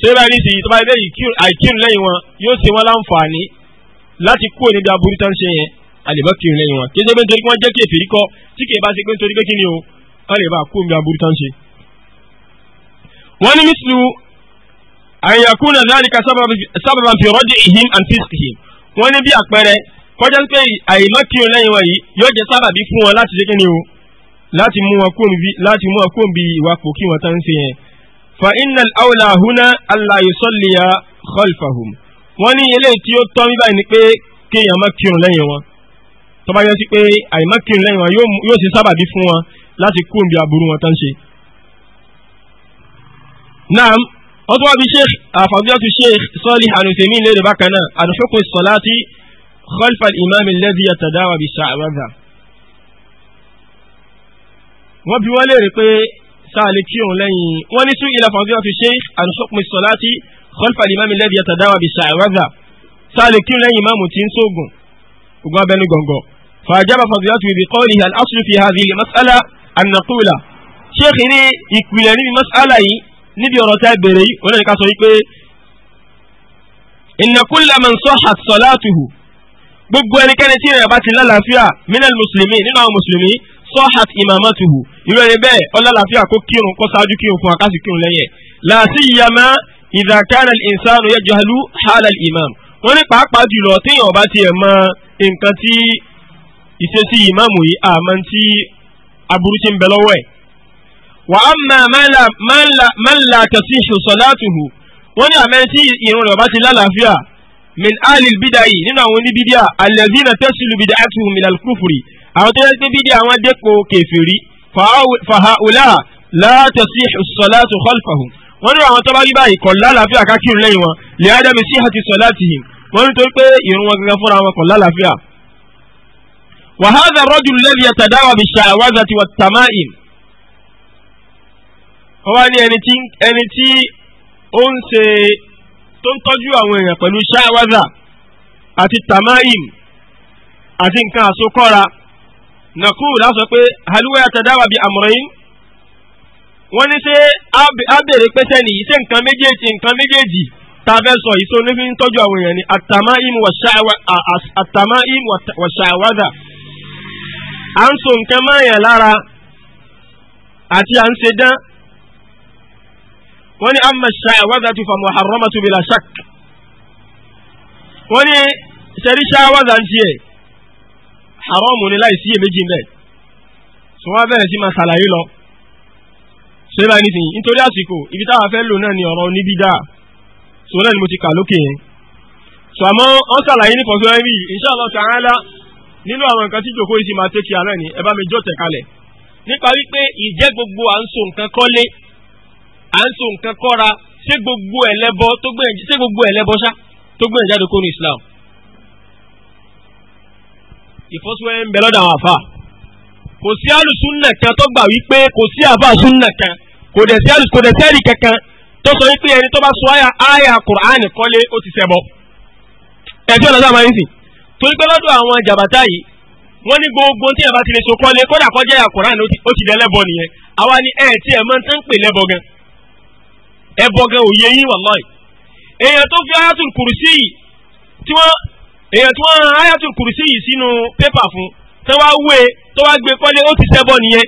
ṣé bá ní sèyí tó bá lẹ́yìn àìkírun lẹ́yìn wọn yóò ṣe wọn láǹfààní láti kúrò níbi aburú tán ṣe yẹn àlèbọ́ kírun lẹ́yìn wọn kí wọ́n lè bá kú omi aburú tán ṣe. wọ́n ní mísìlú àyàkúnà zalika sábàbà fi rọ́jì ìhìn and fiskihìn wọ́n ní bí àpẹẹrẹ kọjá pé àìmọ́kírun lẹ́yìn wọn yìí yóò jẹ́ sábàbí fún wọn láti ṣe kíni o láti mú wọn kóun bí láti mú wọn kóun bí ìwà kò wọn tán ṣe yẹn. fa innal awla huna alla yusalliya khalfahum wọ́n ní eléyìí tí ó tọ́ nígbà ní pé kéèyàn má lẹ́yìn wọn tó bá sí pé àìmọ́kírun lẹ́yìn wọn yóò ṣe sábàbí fún wọn láti kú òǹbí aburú wọn tán ṣe. naam wọ́n tún wá bí sheikh àfàdúyàtú sheikh Salih Al-Uthaymeen lédè bákan náà àdúfòkò sọláàtì khalfa al-imam alladhi yatadawa bis-sa'wadha. wọ́n bi wọ́n léèrè pé sáàlì kí òun lẹ́yìn wọ́n ní sún ilẹ̀ àfàdúyàtú sheikh àdúfòkò sọláàtì khalfa al-imam alladhi yatadawa bis sáàlì kí òun lẹ́yìn ìmáàmù tí ń sóògùn ògùn abẹnú gọ̀ngọ̀. فأجاب فضيلته بقوله الأصل في هذه المسألة anakula sheikh ní ìpìlẹ̀ níbi masala yìí níbi ọ̀rọ̀ tá a bèrè yìí wọn náà ká sọ wípé ìnàkúlẹ̀ man sahhat salatuhu gbogbo ẹnikẹ́ni tí ìrìn àbá ti lálàáfíà minal mùsùlùmí nínú àwọn mùsùlùmí sọ́hat ìmàmátùhù irú ẹni bẹ́ẹ̀ ọlálàáfíà kó kírun kó ṣáájú kírun fún àkásì kírun lẹ́yìn làásì yamá ìdàkánà ìsánù yẹ jahalu halal imam wọ́n ní pàápàá jùlọ téèyàn ọba tiẹ̀ mọ nǹkan tí ìṣesí ìmáàmù yìí àmọ́ tí aburú tí ń bẹ lọ́wọ́ ẹ̀. wà á mọ mẹ́la tẹ̀sí ṣòṣọ́láàtùhù wọ́n ní àmẹ́ tí ìrun rẹ̀ bá ti lálàáfíà min alil bidayi nínú àwọn oníbídíà alẹ́zínà tẹ́sílù bídà àtùhù min alkufuri àwọn tó yẹ pé bídíà wọn dẹ́kọ̀ kẹfìrí fàhàulà látẹ̀sí ṣòṣọ́láàtù khalfahum wọ́n ní àwọn tó bá rí báyìí kọ̀ lálàáfíà kákìrì lẹ́yìn wọn lè ádámi sí àti sọ̀láàtì yìí wọ́n ní torí pé ìrun wọn gangan fúnra wọn kọ̀ lálàáfíà وهذا الرجل الذي يتداوى بالشعوذة والتمائم هو ẹni tí ó ń ṣe tó ń tọ́jú àwọn èèyàn pẹ̀lú ṣáwádà àti tamaim àti nǹkan àsokọ́ra nàkúrú láti sọ pé haluwa yatadawa bi amrayn wọ́n ní ṣé á bèrè pé sẹ́ni yìí ṣé nǹkan méjèèjì nǹkan méjèèjì tá a fẹ́ sọ yìí tó ní fi ń tọ́jú àwọn èèyàn ni àtàmáìm wà ṣáwádà à ń so nǹkan máyàn lára àti à ń ṣe dán wọ́n ní amma ṣàwádàtú fa muharramatu bila shak wọ́n ní sẹ́rí ṣàwádà ń tiẹ̀ haramu ni láì síyèméjì ń bẹ̀ tí wọ́n bẹ̀rẹ̀ sí máa ṣàlàyé lọ ṣé bá nísìnyí nítorí àsìkò ibi táwa fẹ́ lò náà ni ọ̀rọ̀ oníbídà sọ náà ni mo ti kà lókè yẹn sọ àmọ́ ọ́n ṣàlàyé nípa fún ẹ́mí insha Allah ta'ala nínú àwọn nǹkan tí jòkó yìí sì máa tẹ́kì àná ni ẹ bá mi jọ́ tẹ̀ kalẹ̀ nípa wípé ìjẹ́ gbogbo à ń so nǹkan kọ́lé à ń so nǹkan kọ́ra ṣé gbogbo ẹlẹ́bọ tó gbé ṣé gbogbo ẹlẹ́bọ ṣá tó gbé ìjáde kó ní Islam ìfọ́síwẹ́ ń bẹ lọ́dọ̀ àwọn àfa kò sí alùsùnà kan tó gbà wípé kò sí àbá sùnà kan kò dẹ̀ sí alùsùn kò dẹ̀ sẹ́ẹ̀rì kankan tó sọ wípé ẹni tó bá sọ àyà àyà Kùránì torí pé lọ́dọ̀ àwọn jàbátá yìí wọ́n ní gbogbo tí yàrá ti lè so kọ́lé kódà kọjá yà kúrán ó ti dẹ́ lẹ́bọ nìyẹn àwa ni ẹ̀ tí ẹ̀ máa ń tán pè lẹ́bọ gan ẹ̀bọ gan òye yín wàláhì èèyàn tó fi ayatul kùrùsí yìí tí wọ́n èèyàn tí wọ́n ran ayatul kùrùsí yìí sínú pépà fún tó wá wé tó wá gbé kọ́lé ó ti ṣẹbọ nìyẹn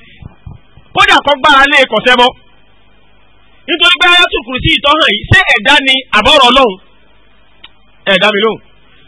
kódà kọ́ gbára lé kọ́ ṣẹbọ nítorí pé ayatul kùrùsí yìí tó hàn yìí ṣé ẹ̀dá ni àbọ̀rọ̀ ọlọ́run ẹ̀dá mi lóhùn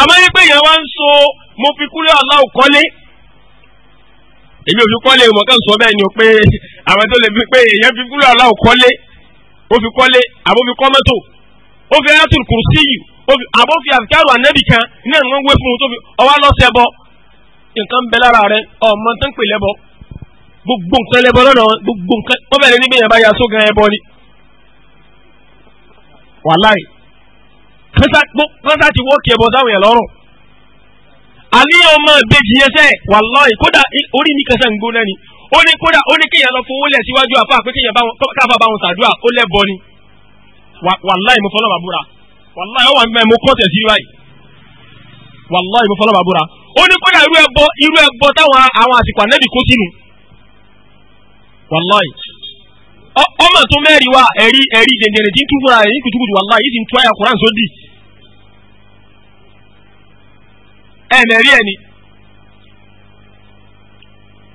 àmọ́ yí pé èèyàn wá ń so mo fi kúlẹ̀ aláwọ̀ kọ́lé èmi ò fi kọ́lé mọ̀ kàn sọ bẹ́ẹ̀ ni o pé àwọn tó lè fi pé èèyàn fi kúlẹ̀ aláwọ̀ kọ́lé ó fi kọ́lé àbó fi kọ́ mọ́tò ó fi ayatul kùrùsí yìí àbó fi àfikàrò ànẹ́bì kan ní àwọn wé fún un tó fi ọwá lọ́sẹ̀ bọ́ nǹkan bẹ lára rẹ ọmọ tó ń pè lẹ́bọ gbogbo nǹkan lẹ́bọ lọ́nà gbogbo nǹkan ó bẹ̀rẹ̀ níbi yẹn bá yasó gan ẹbọ ni wàláì kọ́ńtà ti wọ́ọ̀kì ẹ̀bọ sáwọn yẹn lọ́rùn àní ọmọ ìbejì yẹn sẹ́ wàláì kódà orí mi kẹsẹ̀ ń gbóná ni ó ní kódà ó ní kéèyàn lọ fowó lẹ̀ síwájú àfa pé kéèyàn káfa bá wọn sàdúrà ó lẹ́bọ ni wàláì mo fọlọ́ bàbúrà wàláì ó wà mí mo kọ́ tẹ̀sí báyìí wàláì mo fọlọ́ bàbúrà ó ní kódà irú ẹbọ irú ẹbọ táwọn àwọn àsìkò ànẹ́bì kó sínú wàláì ọmọ tó mẹ́rin wa ẹ̀rí ẹ̀rí dẹ̀ndẹ̀rẹ̀ tí ń tú fúnra rẹ̀ ní kùtùkùtù wàlá yìí sì ń tú àyà Kùránì sódì. ẹ mẹ́rí ẹ̀ ni.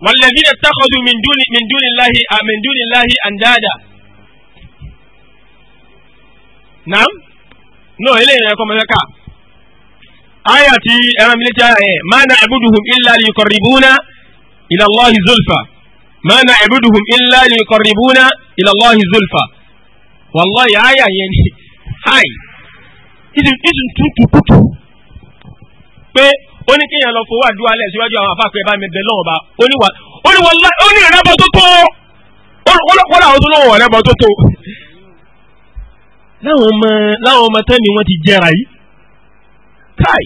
والذين اتخذوا من دون من دون الله من دون الله أندادا نعم نو إليه يكون ملكا آياتي أنا ملكا ما نعبدهم إلا ليقربونا إلى الله زلفى ma na'buduhum illa liyuqarribuna ila Allahi zulfa wallahi àyà yẹn ni háì ìsìn tútù tútù pé ó ní kéèyàn lọ fowó àdúrà lẹ̀ síwájú àwọn àfáàpẹ́ bá mi bẹ̀ lọ́wọ́ bá ó ní wà ó ní wàlá ó ní ìrẹ́bọ tó tó wọ́n làwọn tó lọ́wọ́ ìrẹ́bọ tó tó. láwọn ọmọ láwọn ọmọ tẹ́ni wọ́n ti jẹrà yìí káì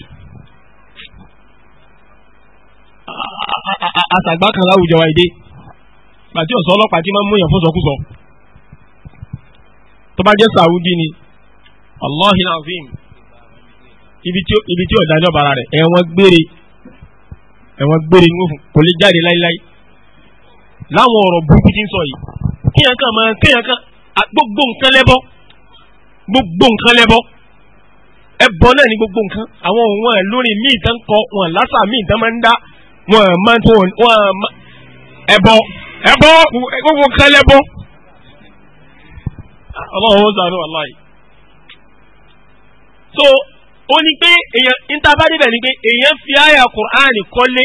àtàgbà kan láwùjọ wa ìdí pàtí ọ̀sán ọlọ́pàá tí máa ń mú yàn fún sọkúsọ tó bá jẹ́ sàwùdí ni allahi alazim ibi tí ọ̀dájọ́ bara rẹ̀ ẹ̀wọ̀n gbére ẹ̀wọ̀n gbére ní òfin kò lè jáde láíláí láwọn ọ̀rọ̀ burúkú tí ń sọ yìí kéèyàn kan máa kéèyàn kan gbogbo nǹkan lẹ́bọ gbogbo nǹkan lẹ́bọ ẹbọ náà ní gbogbo nǹkan àwọn òun wọn lórí míì tán kọ wọn lásà míì tán máa ń dá wọn máa ń tó wọn ẹbọ. ẹbọ gbogbo kan lẹbọ Ọlọ́run ó sànú wàláyé so ó ní pé èèyàn ntabade bẹ ni pé èèyàn fi àyà Qur'an kọ́lé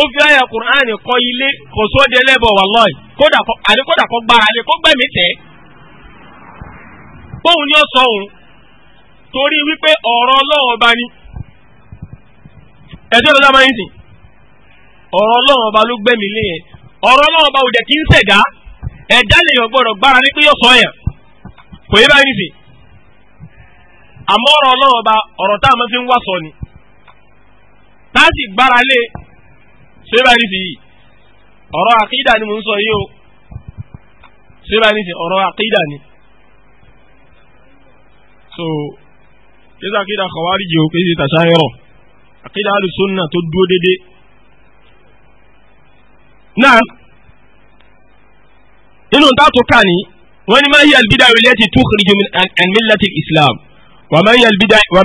ó fi àyà Qur'an kọ́ ilé torí wípé ọ̀rọ̀ ẹjọ́ máa ọ̀rọ̀ ọlọ́run ọba ló gbẹ́mí lé yẹn ọ̀rọ̀ ọlọ́run ọba ò jẹ́ kí ń ṣẹ̀dá ẹ̀dá lèèyàn gbọ́dọ̀ gbára ní pé yóò sọ yàn kò yé báyìí nìsín àmọ́ ọ̀rọ̀ ọlọ́run ọba ọ̀rọ̀ tá a máa fi ń wá sọ ni tá a sì gbára lé ṣé yé báyìí nìsín yìí ọ̀rọ̀ àkídà ni mò ń sọ yìí o ṣé yé báyìí nìsín ọ̀rọ̀ àkídà ni so kí ló àkídà kọ̀wárí jù ó kí tàṣà yọrọ̀ àkídà alùsùn náà tó dúró déédéé náà inú tààtù kà ní wọ́n ní máa yẹ albidá ilé ti tú kiri jùmí ẹ̀mílẹ́tì islam wà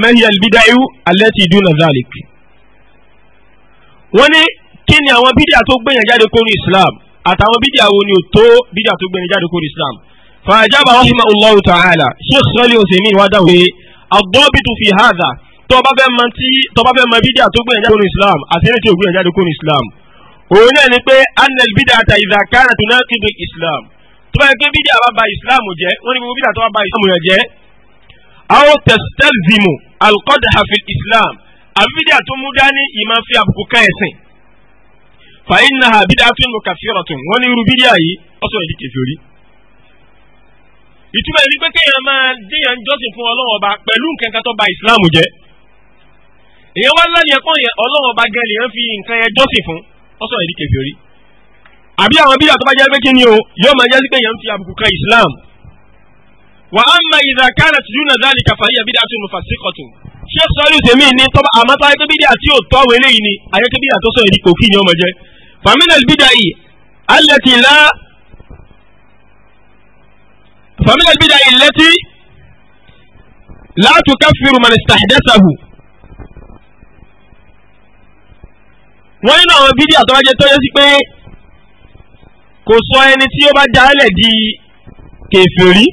máa yẹ albidá ihu alẹ́tì dúnà zalik. wọ́n ní kí ni àwọn bídíà tó gbẹ̀yàn jáde kó ní islam àtàwọn bídíà wo ni ò tó bídíà tó gbẹ̀yàn jáde kó ní islam. fàájábà rahimahu allah ta'ala sheikh sali osemi wa dáwé agbóbitu fi hàdà tọ́ba fẹ́ mọ bídíà tó gbẹ̀yàn jáde kó ní islam àti ẹni tí ò gbẹ̀yàn jáde kó ní islam òun náà ni pé anel bídà àtà ìdá tó náà kíbi islam tó bá yẹ pé bídà wa ba islam jẹ́ wọ́n ní gbogbo bídà tó wa ba islam yẹn jẹ́ àwọn tẹsítẹlzimu alukọdà hafi islam àbí bídà tó mú dání ìmọ̀ fi àbùkù ká ẹ̀sìn fàyín náà bídà tó ń lo kàfíọ̀rọ̀ tó wọ́n ní irú bídà yìí ọ̀sọ̀ ìdí kẹfìorí. ìtumọ̀ ẹni pé kéèyàn máa déyàn jọ́sìn fún ọlọ́wọ́ ọba pẹ̀lú nǹkan kan tó ba islam jẹ́ èèyàn wá lálẹ́ ẹ̀kọ́ yẹn ọlọ́wọ́ ọba gan-an lèèyàn fi nǹkan yẹn jọ́sìn fún ó sọ̀rọ̀ ìdí kèfèrí àbí àwọn bíyà tó bá jẹ́ pé kí ni o yóò máa jẹ́ sí pé èèyàn ti àbùkù kan Islam wa amma idha kanat duna dhalika fa hiya bid'atun mufassiqatun ṣé sọ́ọ́lù tèmi ní tọ́ba àmọ́ táyé bídà tí ò tọ́ eléyìí ni àyè bídà tó sọ èdè kí ni ọmọ jẹ faminal bídà yìí allati la faminal bídà yìí allati la tukaffiru wọ́n nínú àwọn bídí àtọ́wájẹ tó yẹ sí pé kò sọ ẹni tí ó bá jálẹ̀ di kèfèrí.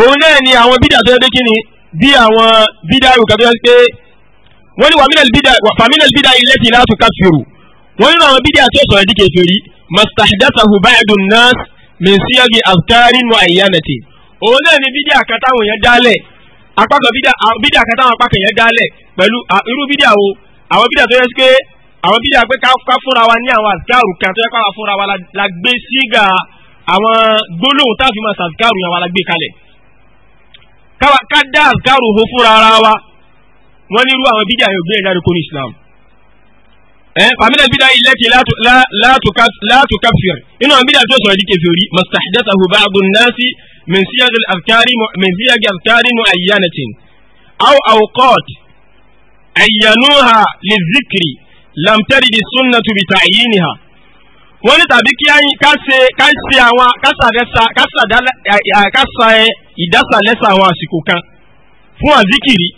òun náà ni àwọn bídí àtọ́jọ́ pé kí ni bí àwọn bídí àrùkà tó yẹ sí pé wọ́n ní wàmínà bídí ilé ti láti káfíìrù wọ́n nínú àwọn bídí àtọ́jọ́ sọ̀rọ̀ di kèfèrí mustahdathahu ba'du an-nas min siyagi azkarin wa ayyanatin òun náà ni bídíà kan táwọn èèyàn dálẹ̀ apákan bídíà kan táwọn apákan èèyàn dálẹ̀ pẹ̀lú irú bídíà wo àwọn bídíà tó yẹ sí pé àwọn bídíà pé ká fúnra wa ní àwọn àzikáàrù kan tó yẹ ká fúnra wa la gbé sígà àwọn gbólóhùn táàfin máa sàzikáàrù yẹn wa la gbé kalẹ̀ ká dá àzikáàrù ho fúnra ara wa wọ́n ní irú àwọn bídíà yẹn ògbé ẹ̀dá rẹ̀kọ́ ní Islam famina bida ilati la tukafir inu àwọn bídíà tó sọ̀rọ̀ di kèfèrí mastahdathahu ba'du nnasi من صيغ الأذكار من صيغ أذكار معينة أو أوقات عينوها للذكر لم ترد السنة بتعيينها wọ́n ní tàbí kí ká ṣe ká ṣe àwọn kásà ìdásàlẹ́sà àwọn àsìkò kan fún àzíkìrì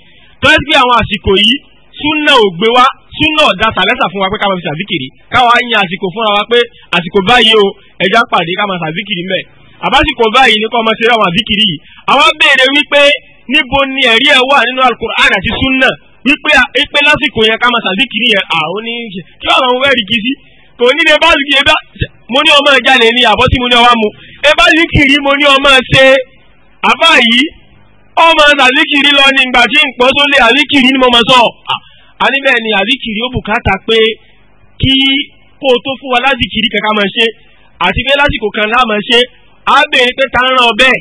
tó ẹ́ pé àwọn àsìkò yìí súnà ò gbé wá súnà ọ̀dà sàlẹ́sà fún wa pé ká máa fi ṣàzíkìrì káwa yan àsìkò fúnra wa pé àsìkò báyìí o ẹja pàdé ká máa ṣàzíkìrì mẹ́ẹ̀ àbásìkò báyìí ní kọ́ ọmọ ṣe ráwọn àbíkiri yìí àwọn béèrè wípé níbo ni ẹ̀rí ẹ̀ wà nínú alukur'an àti sunna wípé ipe lásìkò yẹn ká máa ṣàbíkiri yẹn àwọn ní kí ọ̀rọ̀ òun fẹ́ẹ́ rí kí sí kò ní lè bá ṣe bá mo ní ọmọ ẹja lè ní àbọ̀ tí mo ní ọwá mu ẹ bá ṣe kiri mo ní ọmọ ṣe àbá yìí ọmọ ṣàbíkiri lọ ní ìgbà tí nǹkan tó lé àbíkiri ni mo mọ sọ àníbẹ̀ ni àbíkiri ó bùkátà pé kí kó o tó fún wa lásìkiri kẹ̀kẹ́ máa ṣe àti pé lásìkò kan láà máa ṣe á béèrè pé ta ń ràn ọ bẹ́ẹ̀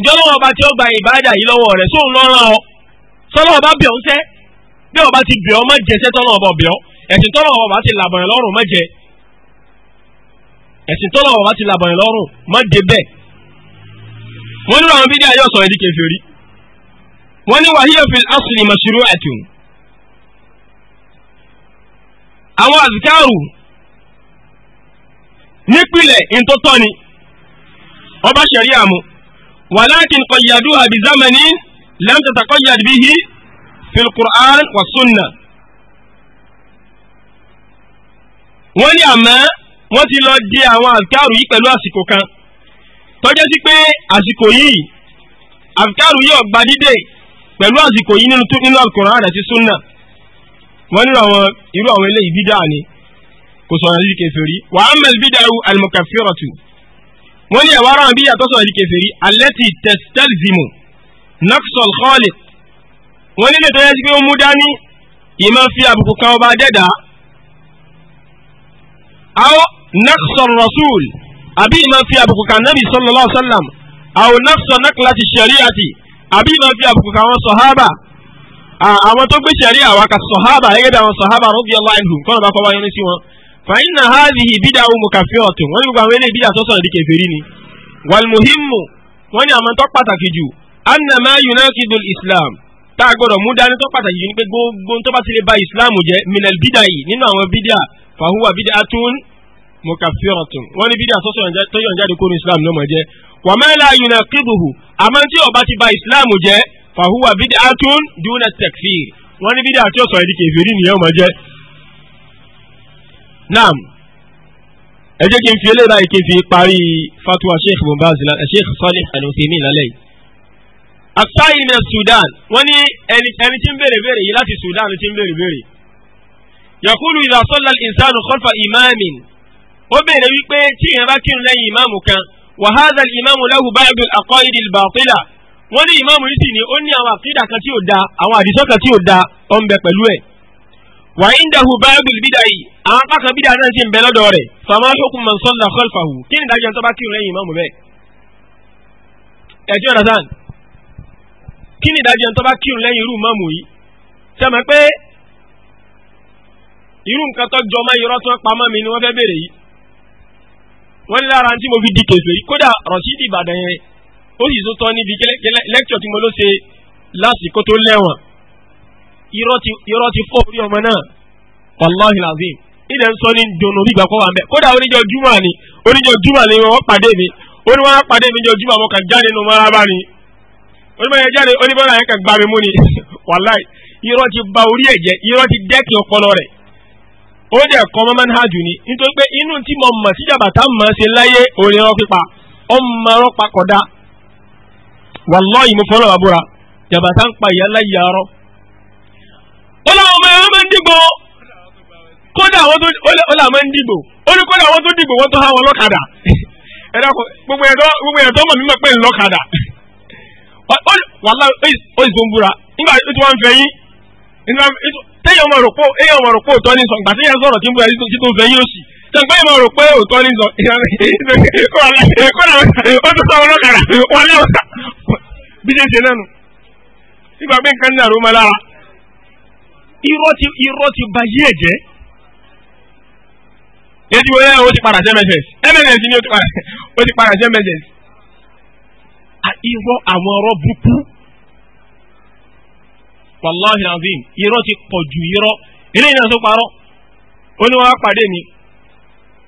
ǹjọ́ lọ́wọ́ ọba tí ó gba ìbáradà yìí lọ́wọ́ rẹ̀ sóun lọ́ ràn ọ́, sọ́lọ́ ọba bẹ̀ ọ́ sẹ́ bí ọba ti bẹ̀ ọ́ má jẹsẹ́ tọ́lọ́ ọba bẹ̀ ọ́ ẹ̀sìn tọ́lọ́ ọba ti làbọ̀ yẹn lọ́rùn má jẹ ẹ̀sìn tọ́lọ́ ọba ti làbọ̀ yẹn lọ́rùn má jẹ bẹ́ẹ̀. wọ́n ní àwọn yóò sọ wọ́n ní wàhíyà fi àwọn nípìnlẹ̀ ni. ọba ṣẹ̀ríà mu walakin qayyaduha bi zamanin lam tataqayyad bihi fil Qur'an wa sunna. wọ́n ní àmọ́ wọ́n ti lọ di àwọn àfikáàrù yìí pẹ̀lú àsìkò kan tọ́jẹ́ sí pé àsìkò yìí àfikáàrù yìí ọ̀gbà dídè pẹ̀lú àsìkò yìí nínú nínú Al-Qur'an àti sunna wọ́n nínú àwọn irú àwọn eléyìí bídà ni kò sọ̀rọ̀ sí kèfèrí wa amma al-bid'u al-mukaffiratu wọ́n ní ẹ̀wọ́ aráhùn bí yàtọ̀ sọ̀rọ̀ di kèfèrí allati testelzimu naxol khaliq wọ́n nílé tó yẹ sí pé ó mú dání ìmọ̀ fi àbùkù kan ọba dẹ́dà aw naxol rasul àbí ìmọ̀ fi àbùkù kan nabi sallallahu alaihi wasallam aw naxol naklati shari'ati àbí ìmọ̀ fi àbùkù kan àwọn sọ̀hábà àwọn tó gbé sharia wa ka sọ̀hábà gẹ́gẹ́ bí àwọn sọ̀hábà radiyallahu anhum kọ́nà bá kọ́ wáyé ní sí wọn fàyínà hàdìhì bídà òmù kàfé ọ̀tún wọ́n ní gbogbo àwọn eléyìí bídà sọ́sọ̀ ní kẹfẹ́rí ni wàlmuhimu wọ́n ní àmọ́ tó pàtàkì jù annama yunakidul islam tá a gbọ́dọ̀ mú dání tó pàtàkì jù ní pé gbogbo tó bá ti lè ba islam jẹ́ minel bídà yìí nínú àwọn bídà fàhùwà bídà atún mukafiratun wọ́n ní bídà sọ́sọ̀ tó yàn jáde kóró islam lọ́mọ jẹ́ wàmẹ́lá yunakiduhu àmọ́ tí ó bá ti ba islam jẹ́ naam ẹ jẹ́ kí n fi eléyìí báyìí kí n fi parí fatwa sheikh mumbaz eh, sheikh salih al-uthaymin lálẹ́ yìí. aksai ní sudan wọ́n ní ẹni ẹni tí ń béèrè béèrè yìí láti sudan tí ń béèrè béèrè. yakulu idha salla al-insanu khalfa imamin ó béèrè wípé tí ìyẹn bá kírun lẹ́yìn ìmáàmù kan wa hadha al-imamu lahu ba'du al-aqaid wọ́n ní ìmáàmù yìí sì ní ó ní àwọn àkídà kan tí ò da àwọn àdìsọ́ kan tí ò da ó ń bẹ pẹ̀lú ẹ̀ wà indahu báyọ̀bùl bídà bidai, àwọn apákan bídà náà sì ń bẹ lọ́dọ̀ rẹ̀ fama hukmu man salla khalfahu kí ni ìdájọ́ tó bá kírun lẹ́yìn ìmáàmù bẹ́ẹ̀. ẹ̀jọ́ rasan kí ni ìdájọ́ tó bá kírun lẹ́yìn irú ìmáàmù yìí ṣe mọ̀ pé irú nǹkan tó jọmọ́ irọ́ tó pamọ́ mi ni wọ́n fẹ́ béèrè yìí wọ́n ní lára tí mo fi di kèsè yìí kódà rọ̀ṣídì ìbàdàn yẹn ó sì tó tọ́ níbi lẹ́kítọ̀ tí mo lọ ṣe lásìkò tó lẹ́wọ̀n irọ́ ti fọ́ orí ọmọ náà wàláhi lazim ilẹ̀ ń sọ ní dùnú bí ìgbàkọ́ wà ń bẹ̀ kódà oníjọ júmọ̀ ni oníjọ júmọ̀ ni wọ́n pàdé mi oní wọn pàdé mi jọ júmọ̀ àwọn kan jáde nínú mọ́ra bá ni onímọ̀ yẹn jáde oníbọ̀rọ̀ yẹn kan gbà mí mú ni wàláhi irọ́ ti ba orí ẹ̀ jẹ́ irọ́ ti dẹ́kì ọpọlọ rẹ̀ ó dẹ̀ kọ́ mọ́ máa ń ni nítorí pé inú tí mo mọ̀ sí jàbàtà mọ̀ ṣe láyé orin ọ̀rọ̀ pípa ọmọ ọ̀rọ̀ pakọ̀dá wàláhi mo fọ́nà wàbúra jàbàtà ń pa ìyá láyé arọ́ ó láwọn ọmọ ẹ̀rọ máa ń dìbò kódà àwọn tó ó là ha ń dìbò ó àwọn tó dìbò wọ́n tó há wọn lọ́kadà kò gbogbo ẹ̀dọ́ gbogbo ẹ̀dọ́ mọ̀ mímọ̀ pé ń lọ́kadà wàhálà nígbà tí wọ́n ń fẹ́ yín téèyàn ti sọ ọlọ́kadà bí ṣe ṣe nígbà pé nǹkan lára irọ́ ti irọ́ ti ba yí ẹ̀jẹ̀ ètò ìwé yẹn o ti padà sí mss mss ni o ti padà o ti padà sí mss irọ́ àwọn ọ̀rọ̀ burúkú wàláhi nàzín irọ́ ti pọ̀ ju irọ́ ilé ìyẹn tó parọ́ oníwàá pàdé mi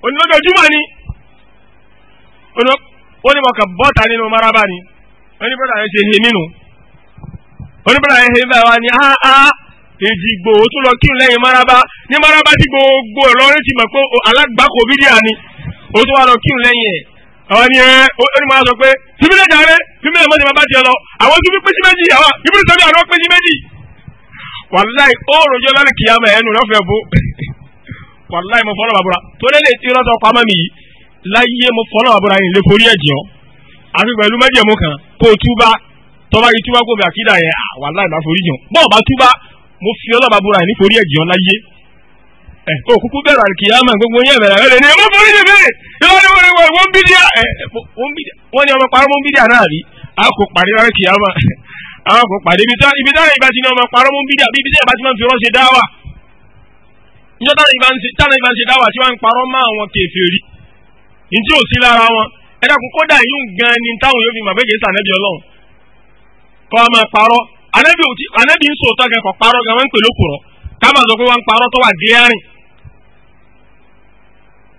onílójoojúmọ́ ni onímọ̀kà bọ́ta nínú maraba ni oníbọ̀dà yẹn ṣe he nínú oníbọ̀dà yẹn ṣe báyìí wá ní áá. Ah, ah, èjì gbòó tó lọ kírun lẹ́yìn maraba ní maraba tí gbogbo Ìlọrin ti mọ̀ pé alágbàkọ bídíà ni ó tó wà lọ kírun lẹ́yìn ẹ̀ àwọn ni ẹ onímọ̀ sọ pé tìmílẹ̀ dàrẹ́ tìmílẹ̀ mọ́tò bàbá tiẹ̀ lọ àwọn tó fi pèsè méjì àwọn ìbílẹ̀ sọ́bí àwọn pèsè méjì wàláì ó rojọ́ lálẹ́ kìyàmà ẹnu rẹ̀ fẹ́ bó wàláì mo fọ́nà bàbúrà tó lé lè tí mo fi ọlọ́ba búra nítorí ẹ̀jẹ̀ ọ̀la yé ẹ̀ tó kúkú bẹ̀rẹ̀ àkìyàmọ̀ gbogbo yẹn bẹ̀rẹ̀ ẹ̀rẹ̀ ni mo forí ní bẹ́ẹ̀ wọ́n bí díà ẹ̀ wọ́n ní ọmọ parọ́ mọ́ bí díà náà rí a kò parí àkìyàmọ̀ a kò parí ibi táwọn ìgbà tí ní ọmọ parọ́ mọ́ bí díà bí ibi tí ìgbà tí wọ́n fi ránṣẹ́ dáwà níjọ́ táwọn ìgbà ń ṣe dáwà tí wọ́n ń parọ́ anabi oti ti anabi ń sòótọ́ gan kọ̀ parọ́ gan wọ́n ń pè lókùrọ̀ kábà sọ pé wọ́n ń parọ́ tó wà díẹ́rìn.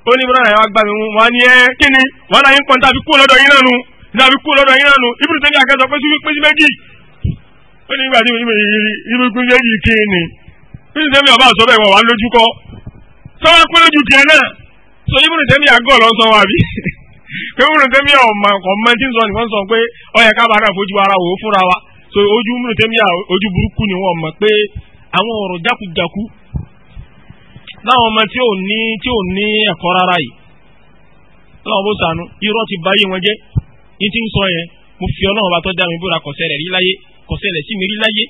ó ní bọ́dọ̀ àyàwó agbámi wọn wọn ni ẹ kí ni wọn náà yín pọ́n tàbí kú lọ́dọ̀ yín náà nu Onye ni ọba àsọ bẹ́ẹ̀ wọ̀ wá lójú kọ́ sọ́wọ́n pé lójú tiẹ̀ náà sọ ibùdó so ojú múnú tẹ́míyà ojú burúkú ni wọ́n mọ̀ pé àwọn ọ̀rọ̀ jákujàku láwọn ọmọ tí ò ní tí ò ní ẹ̀kọ́ rárá yìí láwọn bó sànú irọ́ ti báyé wọn jẹ́ ní ti ń sọ yẹn mo fi ọlọ́run bá tọ́ dá mi búra kọ̀sẹ́lẹ̀ rí láyé kọ̀sẹ́lẹ̀ sí mi rí láyé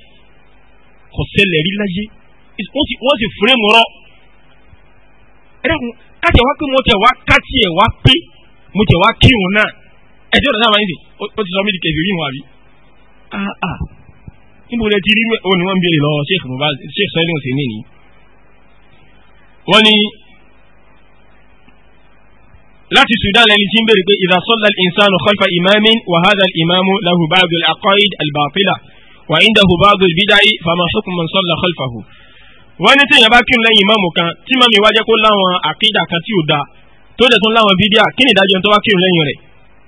kọ̀sẹ́lẹ̀ rí láyé wọ́n sì fúrémù rọ́ ẹ̀rẹ́kùn káti ẹ̀ wá pé mo tẹ̀ wá káti ẹ̀ wá pé mo tẹ̀ wá kírun náà ẹ̀jẹ̀ ọ̀dọ̀ sábà ń sè ó ti sọ mí di kẹfì áà ah, ah. níbo lẹ ti rí ó ní wọ́n ń béèrè lọ́wọ́ sheikh mubaz sheikh sọ́yìn ọ̀sẹ̀ ní ni. wọ́n ní láti sudan lẹni tí ń béèrè pé idha salla al-insanu khalfa imamin wa hadha al-imamu lahu ba'du al-aqaid al-batila wa indahu ba'du al-bida'i fama hukmu man wọ́n ní tẹ̀yìn bá kírun lẹ́yìn ìmáàmù kan tí màmí wá jẹ́ kó láwọn àkídà kan tí ò da tó dẹ̀ tún láwọn bídíà kí ni ìdájọ́ tó wá kírun lẹ́yìn rẹ̀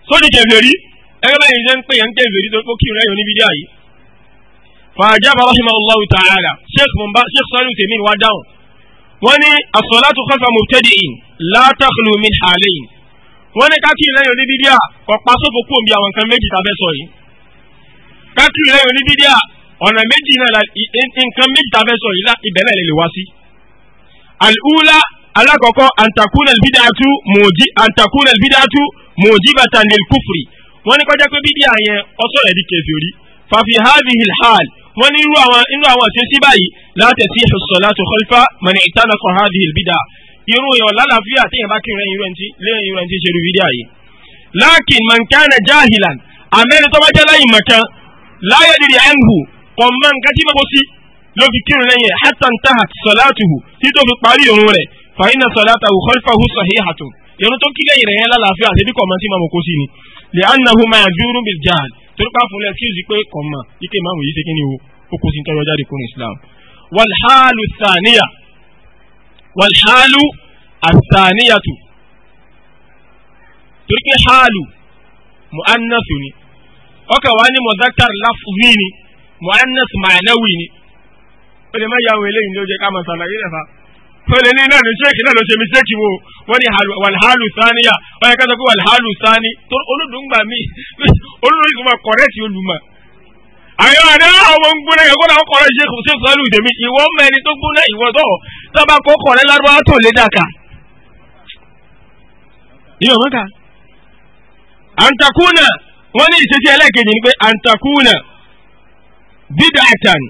sódì jẹ̀bẹ̀rí ẹgbẹ́ báyìí ṣe ń pè yẹn ń kẹ́ ìfèrí tó kí ìrẹ́yìn oníbídíà yìí. fàájábà rahimahullahu ta'ala sheikh mumba sheikh salim tèmi wá dáhùn wọ́n ní as-salatu khalfa mubtadi'in la takhlu min halayn wọ́n ní kákì ìrẹ́yìn oníbídíà ọ̀pá sófo kú òmbi àwọn nǹkan méjì tàbẹ́ sọ yìí kákì ìrẹ́yìn oníbídíà ọ̀nà méjì náà nǹkan méjì tàbẹ́ sọ yìí wọ́n ní kọjá pé bíbí àyẹn ọsọ̀ rẹ̀ di kèfèrí fàfi hàbí hilhal wọ́n ní irú àwọn inú àwọn àti sí báyìí láti sí ìṣòṣò láti kọlífà mọ̀nà ìtànà kan hàbí ìbídà irú yàn lálàáfíà téèyàn bá kiri lẹ́yìn irú ẹni tí lẹ́yìn irú ẹni tí ṣe irú bídí àyè. láàkì mọ̀nkánà jahilan àmẹ́ni tó bá jẹ́ láyìn mọ̀kan láyọ̀ dìrì ẹnhu kò mọ tí mo sí ló fi kiri lẹ́yìn hàtàntàhà sọ̀látùhù tí tó fi irun tó kí lẹ́yìn rẹ̀ yẹn lálàáfíà àti bí kọ̀ọ̀mọ́ tí màmú kó sí ni lè anahu máa dúró bí jaal torí pa fúnlẹ̀ excuse pé kọ̀ọ̀mọ́ ike màmú yìí ṣe kí ni o ó kó sí ní tọ́jọ́ jáde kúrò Islam. wàlhálù sàníyà wàlhálù àsàníyàtù torí pé hálù mu'annasu ni ọkà wa ni mọ̀dákàr láfùmí ni mu'annas ma'anawi ni ó lè má yàwó eléyìí ló jẹ́ ká mọ̀ sàlàyé rẹ̀ tọ́lẹ̀ ní náà ní ṣéèkì náà ló ṣe mi ṣéèkì wo wọ́n ní wàlhálù sáníyà wọ́n yẹ ká sọ pé wàlhálù sáni tó olùdùngbà mi olùdùngbà tó máa kọ̀rẹ́tì olùmọ̀. àyọ̀ àdá àwọn gbóná yẹn kódà ọkọ̀ rẹ̀ ṣe kò ṣe sọ́lù tèmi ìwọ mẹ́ni tó gbóná ìwọ tó sábà kó kọ̀rẹ́ lárúbáwá tó lé dàkà. ìyọ̀ mọ́ta àǹtakùnà wọ́n ní ìṣesí ẹlẹ́kejì ni pé àǹtakùnà bídàtàn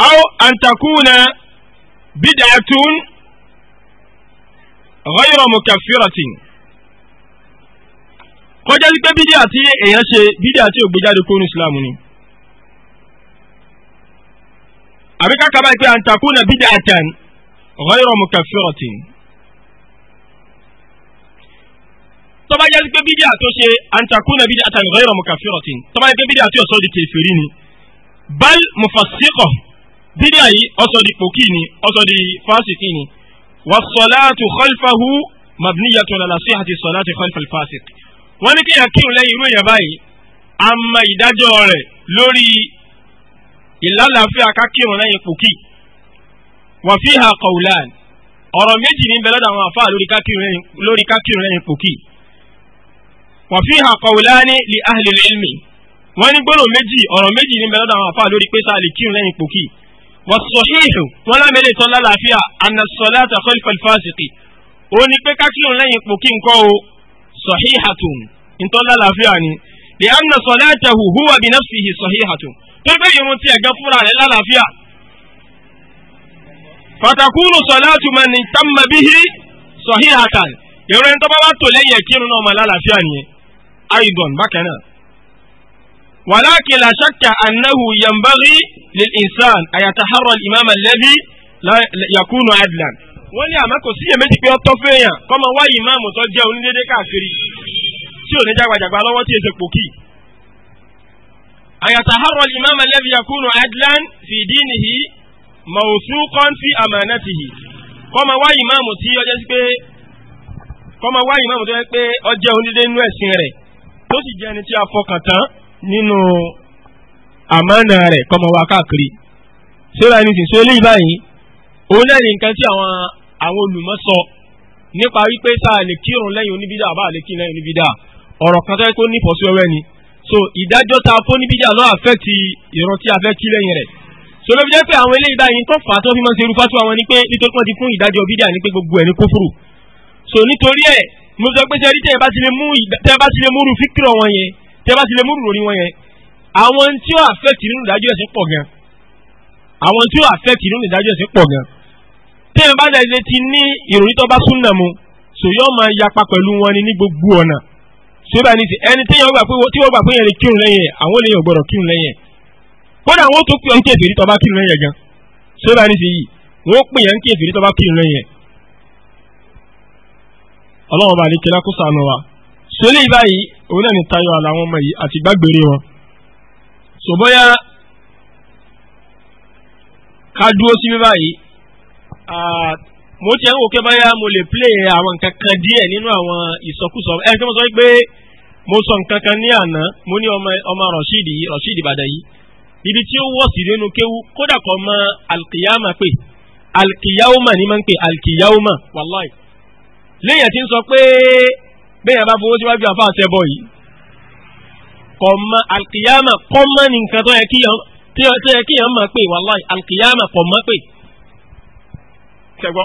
أو أن تكون بدعة غير مكفرة kọjá sí pé bídíà tí èèyàn ṣe bídíà tí ò gbé jáde kúrò ní islam ni àbí ká kaba pé àǹtakùnà bídíà tán ghayra mukaffiratin tó bá jásí pé bídíà tó ṣe àǹtakùnà bídíà tán ghayra mukaffiratin tó bá jásí pé bídíà tí ò di kèfèrí ni bal mufassiqah bídíà yìí ọsọ di pòkì ni ọsọ di fásitì ni wà sọláàtù kọlfàhù mabniyatun ala sihhati sọláàtù kọlfàl fásitì. wọ́n ní kéèyàn kírun lẹ́yìn irú èèyàn báyìí a mọ ìdájọ́ rẹ̀ lórí ìlàlàáfíà ká kírun lẹ́yìn pòkì. wà fi hà qawlan ọ̀rọ̀ méjì ní bẹ̀rẹ̀ àwọn àfáà lórí ká lẹ́yìn pòkì. wà fi hà qawlani li ahli ilmi wọ́n ní gbọ́dọ̀ méjì ọ̀rọ̀ méjì ní bẹ̀rẹ̀ àwọn àfáà lórí pé sáà lẹ́yìn pòkì. والصحيح ولا ملي صلى الله فيها أن الصلاة خلف الفاسق وني بكاكلو لن يقبكين كو صحيحة إن صلى الله فيها لأن صلاته هو بنفسه صحيحة تبقى يمتي أقفر على الله فيها فتكون صلاة من تم به صحيحة يرون تبقى تلين يكيرون وما لا فيها أيضا بكنا ولكن لا شك أنه ينبغي للإنسان أن يتحرى الإمام الذي لا يكون عدلا wọ́n ní àmọ́ kò sí èméjì pé ọtọ́ fẹ́yàn kọ́mọ wá ìmáàmù tó jẹ́ onídéédé káàkiri tí ò ní jágbàjàgbà lọ́wọ́ tí èsè pòkì. àyàtàhárọ̀ ìmáàmù alladhi yakunu adlan fi dinihi mawthuqan fi amanatihi kọ́mọ wá ìmáàmù tí ọjọ́ sí pé kọ́mọ wá ìmáàmù tó yẹ pé ọjẹ́ onídéédé nú ẹ̀sìn rẹ̀ tó sì jẹ́ ẹni tí a fọkàn tán nínú àmánà rẹ̀ kọ́mọ wa káàkiri ṣéra ẹni sì ṣe eléyìí báyìí òun náà ní nǹkan tí àwọn àwọn olùmọ̀ sọ nípa wípé sáà lè kírun lẹ́yìn oníbídà àbá lè kírun lẹ́yìn oníbídà ọ̀rọ̀ kan tó kó nífọ̀ọ́ ọwẹ́ ni so ìdájọ́ ta fóníbídà náà àfẹ́ẹ̀tì ìran tí a fẹ́ kí lẹ́yìn rẹ̀ so ló fi jẹ́ pé àwọn eléyìí báyìí tó fà á tó fi máa ń ṣe fásitì àwọn ni pé nítorí wọ́n ti fún ìdájọ́ bídà ni pé gbogbo ẹ̀ ní kófùrù so nítorí ẹ̀ mo sọ pé sẹ́rí tẹ́ ẹ bá ti lè mú rú fíkìrọ̀ wọn yẹn tẹ́ bá ti lè múrù lórí wọn yẹn àwọn tí ó àfẹ́kì nínú ìdájọ́ ẹ̀sìn pọ̀ gan àwọn tí ó àfẹ́kì nínú ìdájọ́ ẹ̀sìn pọ̀ gan tẹ́ ẹ bá dà ilé ti ní ìròyìn tó bá súnà mu sòyọ́ máa yapa pẹ̀lú wọn ni ní gbogbo ọ̀nà sóbà ní ti ẹni tí wọ́n gbà pé yẹn lè kírun lẹ́yìn àwọn olè yẹn gbọ́dọ̀ kírun lẹ́yìn kódà wọ́n tó pè ọ́ ń kéèfé ní tó bá kírun lẹ́yìn gan sóbà ní ti yìí wọ́n pè yẹn ń kéèfé ní tó bá kírun lẹ́yìn ọlọ́run bá ní kílákùsà náà wa sólè báyìí òun náà ní tayọ àlà àwọn ọmọ yìí àti gbàgbére wọn. sọ bóyá ká dúró sí bíbá yìí mo ti ẹ̀ ń wò pé báyà mo lè play àwọn nǹkan kan díẹ̀ nínú àwọn ìsọkúsọ ẹ̀ tí mo sọ pé mo sọ nǹkan kan ní àná mo ní ọmọ Rasheed yìí Bàdà yìí ibi tí ó wọ̀ sí nínú kéwu kódà kọ́ mọ alkiyama pé alkiyama ni máa ń pè alkiyama wàláì lẹ́yìn tí ń sọ pé bẹ́ẹ̀ bá fowó síwájú àfa àṣẹbọ yìí kọ̀ọ̀mà alkiyama kọ́mà ní nǹkan tó yẹ kí yàn máa pè wàláì alkiyama kọ̀ọ̀mà pè ṣẹgbọ́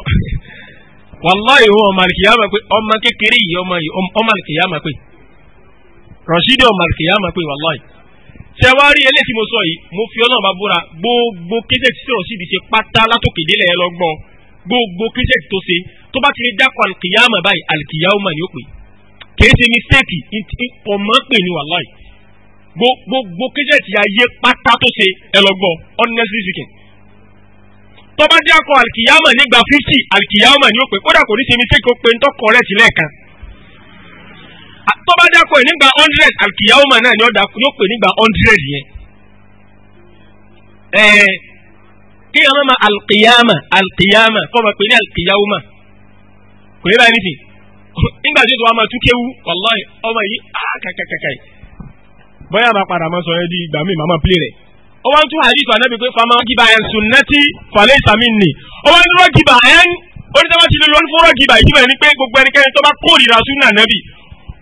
wàláì wọn ọmọ alkiyama pè ọmọ kékeré yìí ọmọ yìí ọmọ alkiyama pè rọ̀ṣídì ọmọ alkiyama pè wàláì ṣẹwárí eléyìí mo sọ yìí mo fi ọlọ́run bá búra gbogbo kéde tí rọ̀ṣídì ṣe pátá látòkè délẹ̀ ẹ lọ́gbọ́n gbogbo kéde tó ṣe tó bá ti lè dákọ̀ alkiyama báyìí alkiyama ni ó pè é kìí ṣe mistake ọmọ pè ní wàláì gbogbo kéjẹ́tì ayé pátá tó ṣe ẹlọgbọ honestly speaking tọ́ba jẹ́ akọ alikiyama nígbà fifty alikiyama ni ó pè kódà kò ní ṣe mistake ó pè ń tọ́ correct lẹ́ẹ̀kan tọ́ba jẹ́ akọ nígbà hundred alikiyama náà ni ó pè nígbà hundred yẹn ẹ̀ẹ́ kí ma alikiyama alikiyama kọ́ ma pè ní alikiyama kò yẹ báyìí nìyí nígbà tí wọ́n máa tú kéwú wàláì ọmọ yìí ah, kàkàkàkà yìí bóyá máa padà máa sọ ẹ́ di ìgbà míì máa máa pílè rẹ̀ ó wá ń tún hadith anabi pé fama giba ẹ̀ sunnati falẹ̀ ìsàmì nì ó wá ń dúró giba ẹ̀ oníṣẹ́wá ti lè lórí fúnra giba ìdíbẹ̀ ni pé gbogbo ẹnikẹ́ni tó bá kórìíra sunna anabi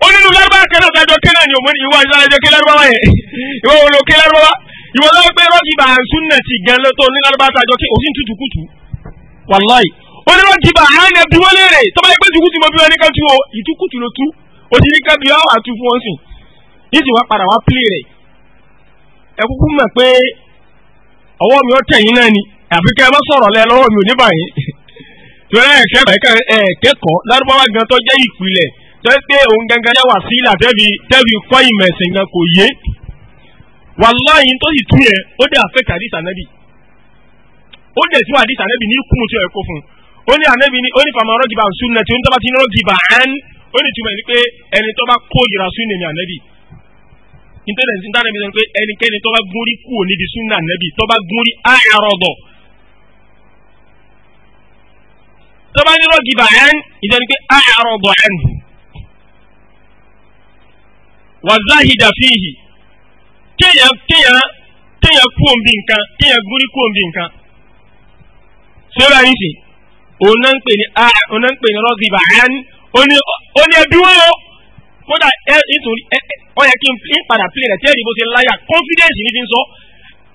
ó nínú lárúbáwá kẹ́lẹ́ ọ̀gájọ́ kẹ́lẹ́ ni òmùn ìwà ìsàlẹ̀jọ́ kẹ́lẹ́ lárúbáwá yẹn ìwọ wò ló kẹ́ lárúbáwá ìwọ lọ́wọ́ pé rọ́gìbà sunnati gan lọ́tọ̀ ní lárúbáwá tàjọ́ kí òsín tutù kùtù wàláì onírọ̀ jìbà àárín ẹbí wọ́n léèrè tó bá yẹ pé ìtukùtù mọ bí wọn ní ká tú o ìtukùtù ló tú òdì ní ká bí wọn wà tú fún wọn sìn yìí sì wá padà wá pílé rẹ̀ ẹ kúkú mọ̀ pé ọwọ́ mi ó tẹ̀yìn náà ni àfi kẹ́ ẹ má sọ̀rọ̀ lẹ́ lọ́wọ́ mi ò ní báyìí torí ẹ kẹ́kọ̀ọ́ ẹ kẹ́kọ̀ọ́ lárúbáwá gan tó jẹ́ ìpìlẹ̀ tó ń pé òun gangan yẹ wà sílà tẹ́bi tẹ́bi kọ́ ìmọ̀ ẹ̀sìn gan kò yé wàláyé tó sì tú yẹn ó dé àfẹ́ kàdísà nábì ó dẹ̀ tí wàdísà nábì ní kùn tí ẹ̀ kó fún un ó ní ànábì ní ó ní fàmà rọ́gìbà súnà tí ó ní tọ́ba ti ní rọ́gìbà án ó ní túmọ̀ ní pé ẹni tó bá kó ìra súnà ní ànábì nítorí ìdánilẹ́bí sọ pé ẹnikẹ́ni tó bá gúnrí kúrò níbi súnà ànábì tó bá gúnrí àárọ̀dọ̀ tó bá ní rọ́gìbà án ìdáni pé àárọ̀dọ̀ án wàzáhìdà fíhì kéèyàn kéèyàn kéèyàn kúrò níbi nǹkan kéèyàn gúnrí kúrò níbi nǹkan ṣé báyìí sìn òun náà ń pè ní òun náà ń pè ní rọ́ọ̀sì ìbàdàn ó ní ẹbí wọn o kódà ẹ nítorí ẹ ọ yẹ kí n padà play rẹ tẹ́ẹ̀rì bó ṣe láyà confidence ní fi ń sọ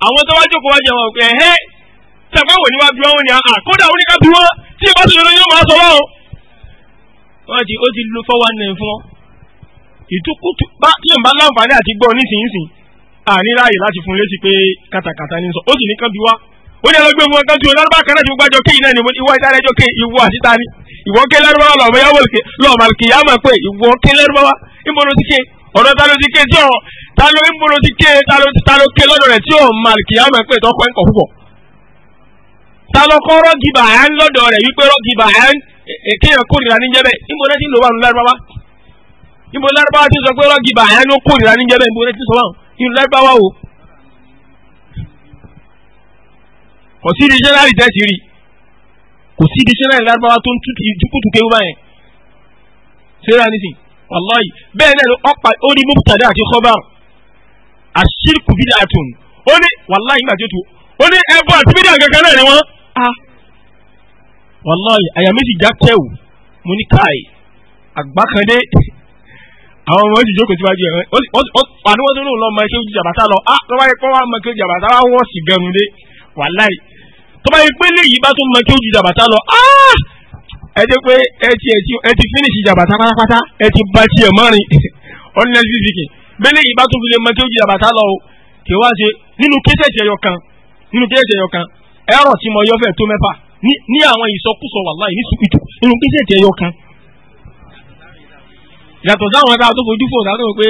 àwọn tó wá jókòó wájú àwọn òkè ẹ̀hẹ́ tẹ̀fẹ́ wò ní wá bí wọn ni àá kódà ó ní ká bí wọn tí ìbá sì lọ́dún yóò máa sọ wọn o. wọ́n ti ó ti lu fọ́ one nine fún ọ ìtukùtù bá tí n bá láǹfààní àti gbọ́ nísinsìnyí àní láàyè láti fún lésì pé kàtàkàtà ní sọ ó sì ní ká bí wá ó ní ẹlọgbẹ́ fún ọkàn tí o lárúbá kan náà ti gbájọ kí iná ni ìwọ ìta rẹjọ kí ìwọ àṣìta ni ìwọ kí lárúbá wà lọ́mọ yàwó lọ́mọlùkì yà máa pé ìwọ kí lárúbá wà ìmọ̀lò ti ké ọ̀dọ̀ ta ló ti ké tí ọ̀ ta ló ìmọ̀lò ti ké ta ló ta ló ké lọ́dọ̀ rẹ̀ tí ọ̀ màlùkì yà máa pé tọkọ ẹ̀kọ́ púpọ̀ ta ló kọ́ rọ́gìbà à ń lọ́dọ̀ rẹ̀ wípé rọ́gìbà à ń kéèyàn kórìíra ní jẹ́bẹ̀ ìmọ̀lẹ́ ti ń lò wà nù lárúbáwá ìmọ̀lẹ́ lárúbáwá ti sọ pé rọ́gìbà à ń ló kórìíra ní jẹ́bẹ̀ ìmọ̀lẹ́ ti sọ wà nù lárúbáwá o kò sí dictionary tẹ́sí rí kò sí dictionary lárúbáwá tó ń tukutu kéwú báyẹn sera nisin wàláyì bẹ́ẹ̀ náà ọ̀pá ó ní mubtada àti khabar àṣírkù bid'atun ó ní wàláyì nígbà tí ó tu ó ní ẹbọ àti bídà kankan náà ni wọ́n á wàláyì àyà méjì já kẹ́wù mo ní káì àgbákandé àwọn ọmọ ìjì jókòó síwájú ẹ̀ àníwọ́n tó lóun lọ́ọ́ mọ ẹ̀ṣẹ́ ojú jàbátá lọ á lọ́wọ́ ẹ̀kọ́ wa mọ ẹ̀ṣẹ́ jàbátá wa wọ́ọ̀sì gẹ̀rùndé wàláì tó bá yẹ pé léyìí bá tó mọ kí ó ju jàbàtà lọ ah! ẹ jẹ́ pé ẹ ti ẹ ti ẹ ti finish jàbàtà pátápátá ẹ ti ba tiẹ̀ mọ́rin honestly speaking bẹ́lẹ̀ yìí bá tó fi lè mọ kí ó ju jàbàtà lọ o kì í wá ṣe nínú kéṣẹ̀ṣì ẹyọ kan nínú kéṣẹ̀ṣì ẹyọ kan ẹ̀rọ tí mo yọ fẹ́ tó mẹ́fà ní àwọn ìsọkúsọ wàláì ní sùkùtù nínú kéṣẹ̀ṣì ẹyọ kan yàtọ̀ sáwọn ẹ̀ka àtúfojú fò sáà tó pé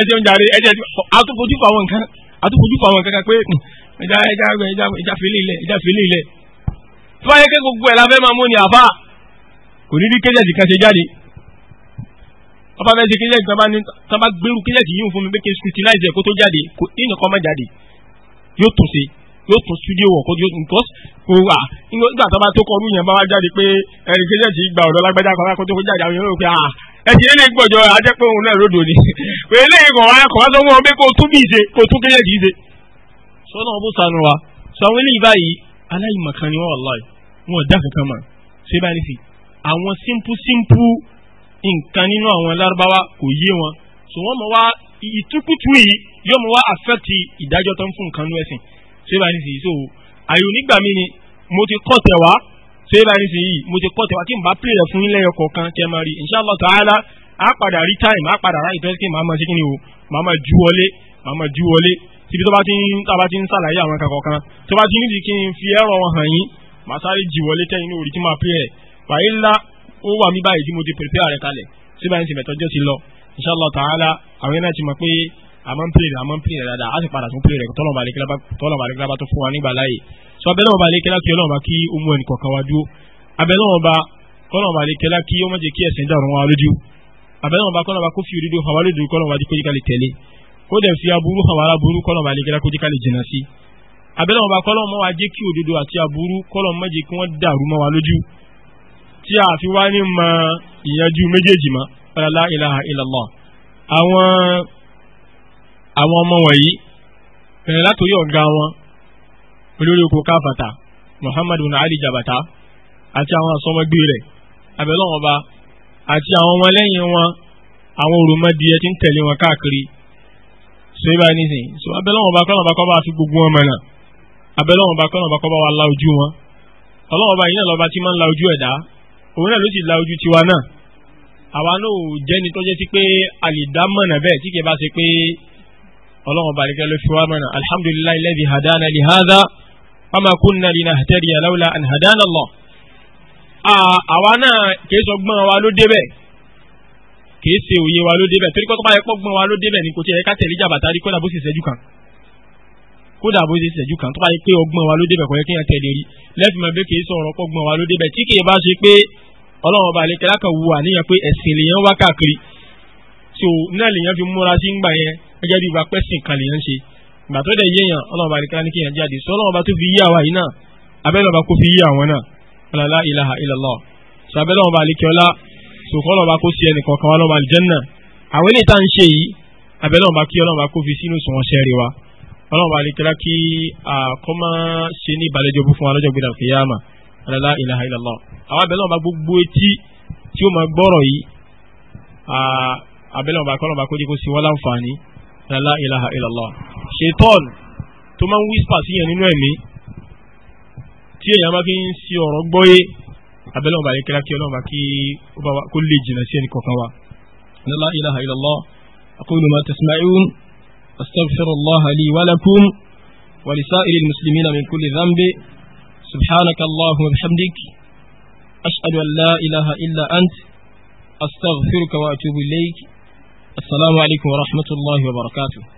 ẹ̀jẹ̀ ń jàre ẹ̀jẹ̀ àtúfojú àwọn nǹkan àtúfojú àwọn nǹkan kan pé ẹja ẹja ẹja ẹja fìlì ilẹ̀ ẹja fìlì ilẹ̀ tí wọ́n yẹ kí gbogbo ẹ̀ la fẹ́ máa mú ni àbá kò ní rí kéjẹ̀sì kan ṣe jáde ọba fẹ́ ṣe kéjẹ̀sì tán bá gbèrú kéjẹ̀sì yìí fún mi pé kí n scrutinize ẹ̀ kó tó jáde kò ní nǹkan má jáde yóò tún ṣe yóò tún studio wọ̀ kó tó nǹkan kó wà nígbà tó bá tó kọ́ ọdún yẹn bá wá jáde pé ẹni kéjẹ̀sì gba ọ̀dọ́ lágbájá kan kó tó kó jáde àwọn yóò pé à ẹtì eléyìí gbọ̀jọ ajẹ́pọ̀ òun náà lódò ni eléyìí kọ̀ wá kọ̀ wá sọ fún ọ pé kó tún bí ìṣe kó tún kéjẹ̀sì ìṣe sọ́nà ọ̀bù sànù wa sọ àwọn eléyìí báyìí aláìmọ̀kan ni wọ́n wallahi wọn ò dá kankan mọ̀ ṣé báyìí sì àwọn simple simple nǹkan nínú àwọn lárúbáwá kò yé wọn so wọ́n mọ̀ wá ìtukùtù yìí yóò mọ̀ wá affect ìdájọ́ tó ń fún nǹkan nú ẹ̀sìn ṣé báyìí sì so àyò nígbà mí ni mo ti kọ́ tẹ̀ wá ṣé báyìí sì yìí mo ti kọ́ tẹ̀ wá n bá pè fún ilé ẹ̀kọ́ kan kẹ́ máa rí inshallah ta'ala á padà rí time á padà ráyè tó ṣe kí màá máa ṣe kí ni o màá máa ju wọlé màá máa ju wọlé síbi tó bá ti ń tá a bá ti ń ṣàlàyé àwọn kankan kan tó bá ti ń di kí n fi ẹ̀rọ wọn hàn yín màá sáré jì wọlé tẹ́yìn ní orí tí máa pè ẹ̀ wàyí ńlá ó wà mí báyìí tí mo ti pèpè ààrẹ kalẹ̀ síbẹ̀ ní tìmẹ̀tọ́ jẹ́ ti lọ inshallah ta'ala àwọn náà ti mọ̀ pé àmọ́ ń pèrè àmọ́ ń pèrè dáadáa á sì padà tún pèrè tọ́lọ̀ balẹ̀kẹ́lá tó fún wa nígbà láàyè kó dẹ̀ fi aburú hàn wàrà burú kọ́nà bá lè gẹ́gẹ́ kó jẹ́ ká lè jìnnà sí. abẹ́rẹ́ wọn bá kọ́lọ́ mọ́ wa jẹ́ kí òdodo àti aburú kọ́lọ́ mọ́ jẹ́ kí wọ́n dàrú mọ́ wa lójú tí a fi wá ní mọ ìyanjú méjèèjì mọ́ la ilaha illallah. àwọn àwọn ọmọ wọ̀nyí bẹ̀rẹ̀ látòrí ọ̀gá wọn olórí oko káfàtà muhammadu ali jabata àti àwọn asọmọgbé rẹ̀ abẹ́rẹ́ wọn bá àti àwọn ọmọlẹ́yìn wọn àwọn òròmọdìyẹ ti ń tẹ̀lé wọn káàkiri ṣé bá ní sìn so abẹ́lọ́wọ̀n bá kọ́nà bá kọ́ bá fi gbogbo wọn mọ̀nà abẹ́lọ́wọ̀n bá kọ́nà bá kọ́ bá wa la ojú wọn ọlọ́wọ̀n bá yìí náà lọ́ba tí máa ń la ojú ẹ̀dá òun náà ló sì la ojú tiwa náà àwa náà ò jẹ́ni tó jẹ́ sí pé a bẹ́ẹ̀ tí kì bá ṣe pé ọlọ́wọ̀n bá ló fi wá mọ̀nà alhamdulillahi alladhi hadana kìí ṣe òye wa ló débẹ̀ torí kọ́tọ́ bá yẹ pọ́gbọ́n wa ló débẹ̀ ni kò tiẹ̀ ká tẹ̀lé jàbàtà rí kódà bó ṣe ṣẹ́jú kan kódà bó ṣe ṣẹ́jú kan tó bá yẹ pé ọgbọ́n wa ló débẹ̀ kò yẹ kí yẹn tẹ̀lé rí lẹ́fì máa bẹ́ kìí sọ̀rọ̀ pọ́gbọ́n wa ló débẹ̀ tí kìí bá ṣe pé ọlọ́run ọba àlekẹ́ lákàn wù wà níyàn pé ẹ̀sìn lèyàn wá káàkiri so náà lèyàn fi múra sí ń ilaha illallah sọ abẹ́lẹ́ ọba àlekẹ́ sòkòlò ọba kó sí ẹnì kọ̀ọ̀kan wa lọ́mọ àlìjẹ́nà àwọn eléyìí tá à ń ṣe yìí abẹ́lẹ́ ọba kí fi sínú sùn ọ̀ṣẹ́ wa ọlọ́mọba àlekẹ́lá kí àkọ́mọ́ ṣe ní ìbàlẹ́jọ́ bú fún wa lọ́jọ́ gbéra fìyàmà alala ilaha illallah àwọn abẹ́lẹ́ ọba gbogbo etí tí ó máa gbọ́rọ̀ yìí abẹ́lẹ́ ọba kọ́lọ́mọba kó jẹ́ kó sí wọn láǹfààní alala ilaha illallah ṣetán tó máa ń wíṣpà síyàn nínú ẹ̀mí tí èèyàn máa fi ń ṣe ọ̀rọ̀ gbọ́yé abẹ́lẹ́ ọba àyíkẹ́lá kí ọlọ́ba kí ọba wa kó lè jìnà sí ẹnì kọ̀ọ̀kan wa. la ilaha illallah aqulu ma tasma'un astaghfirullaha li wa lakum wa lisa'iril muslimina min kulli dhanbi subhanaka allahumma wa bihamdik ashhadu an la ilaha illa ant astaghfiruka wa atubu ilayk assalamu alaykum wa rahmatullahi wa barakatuh.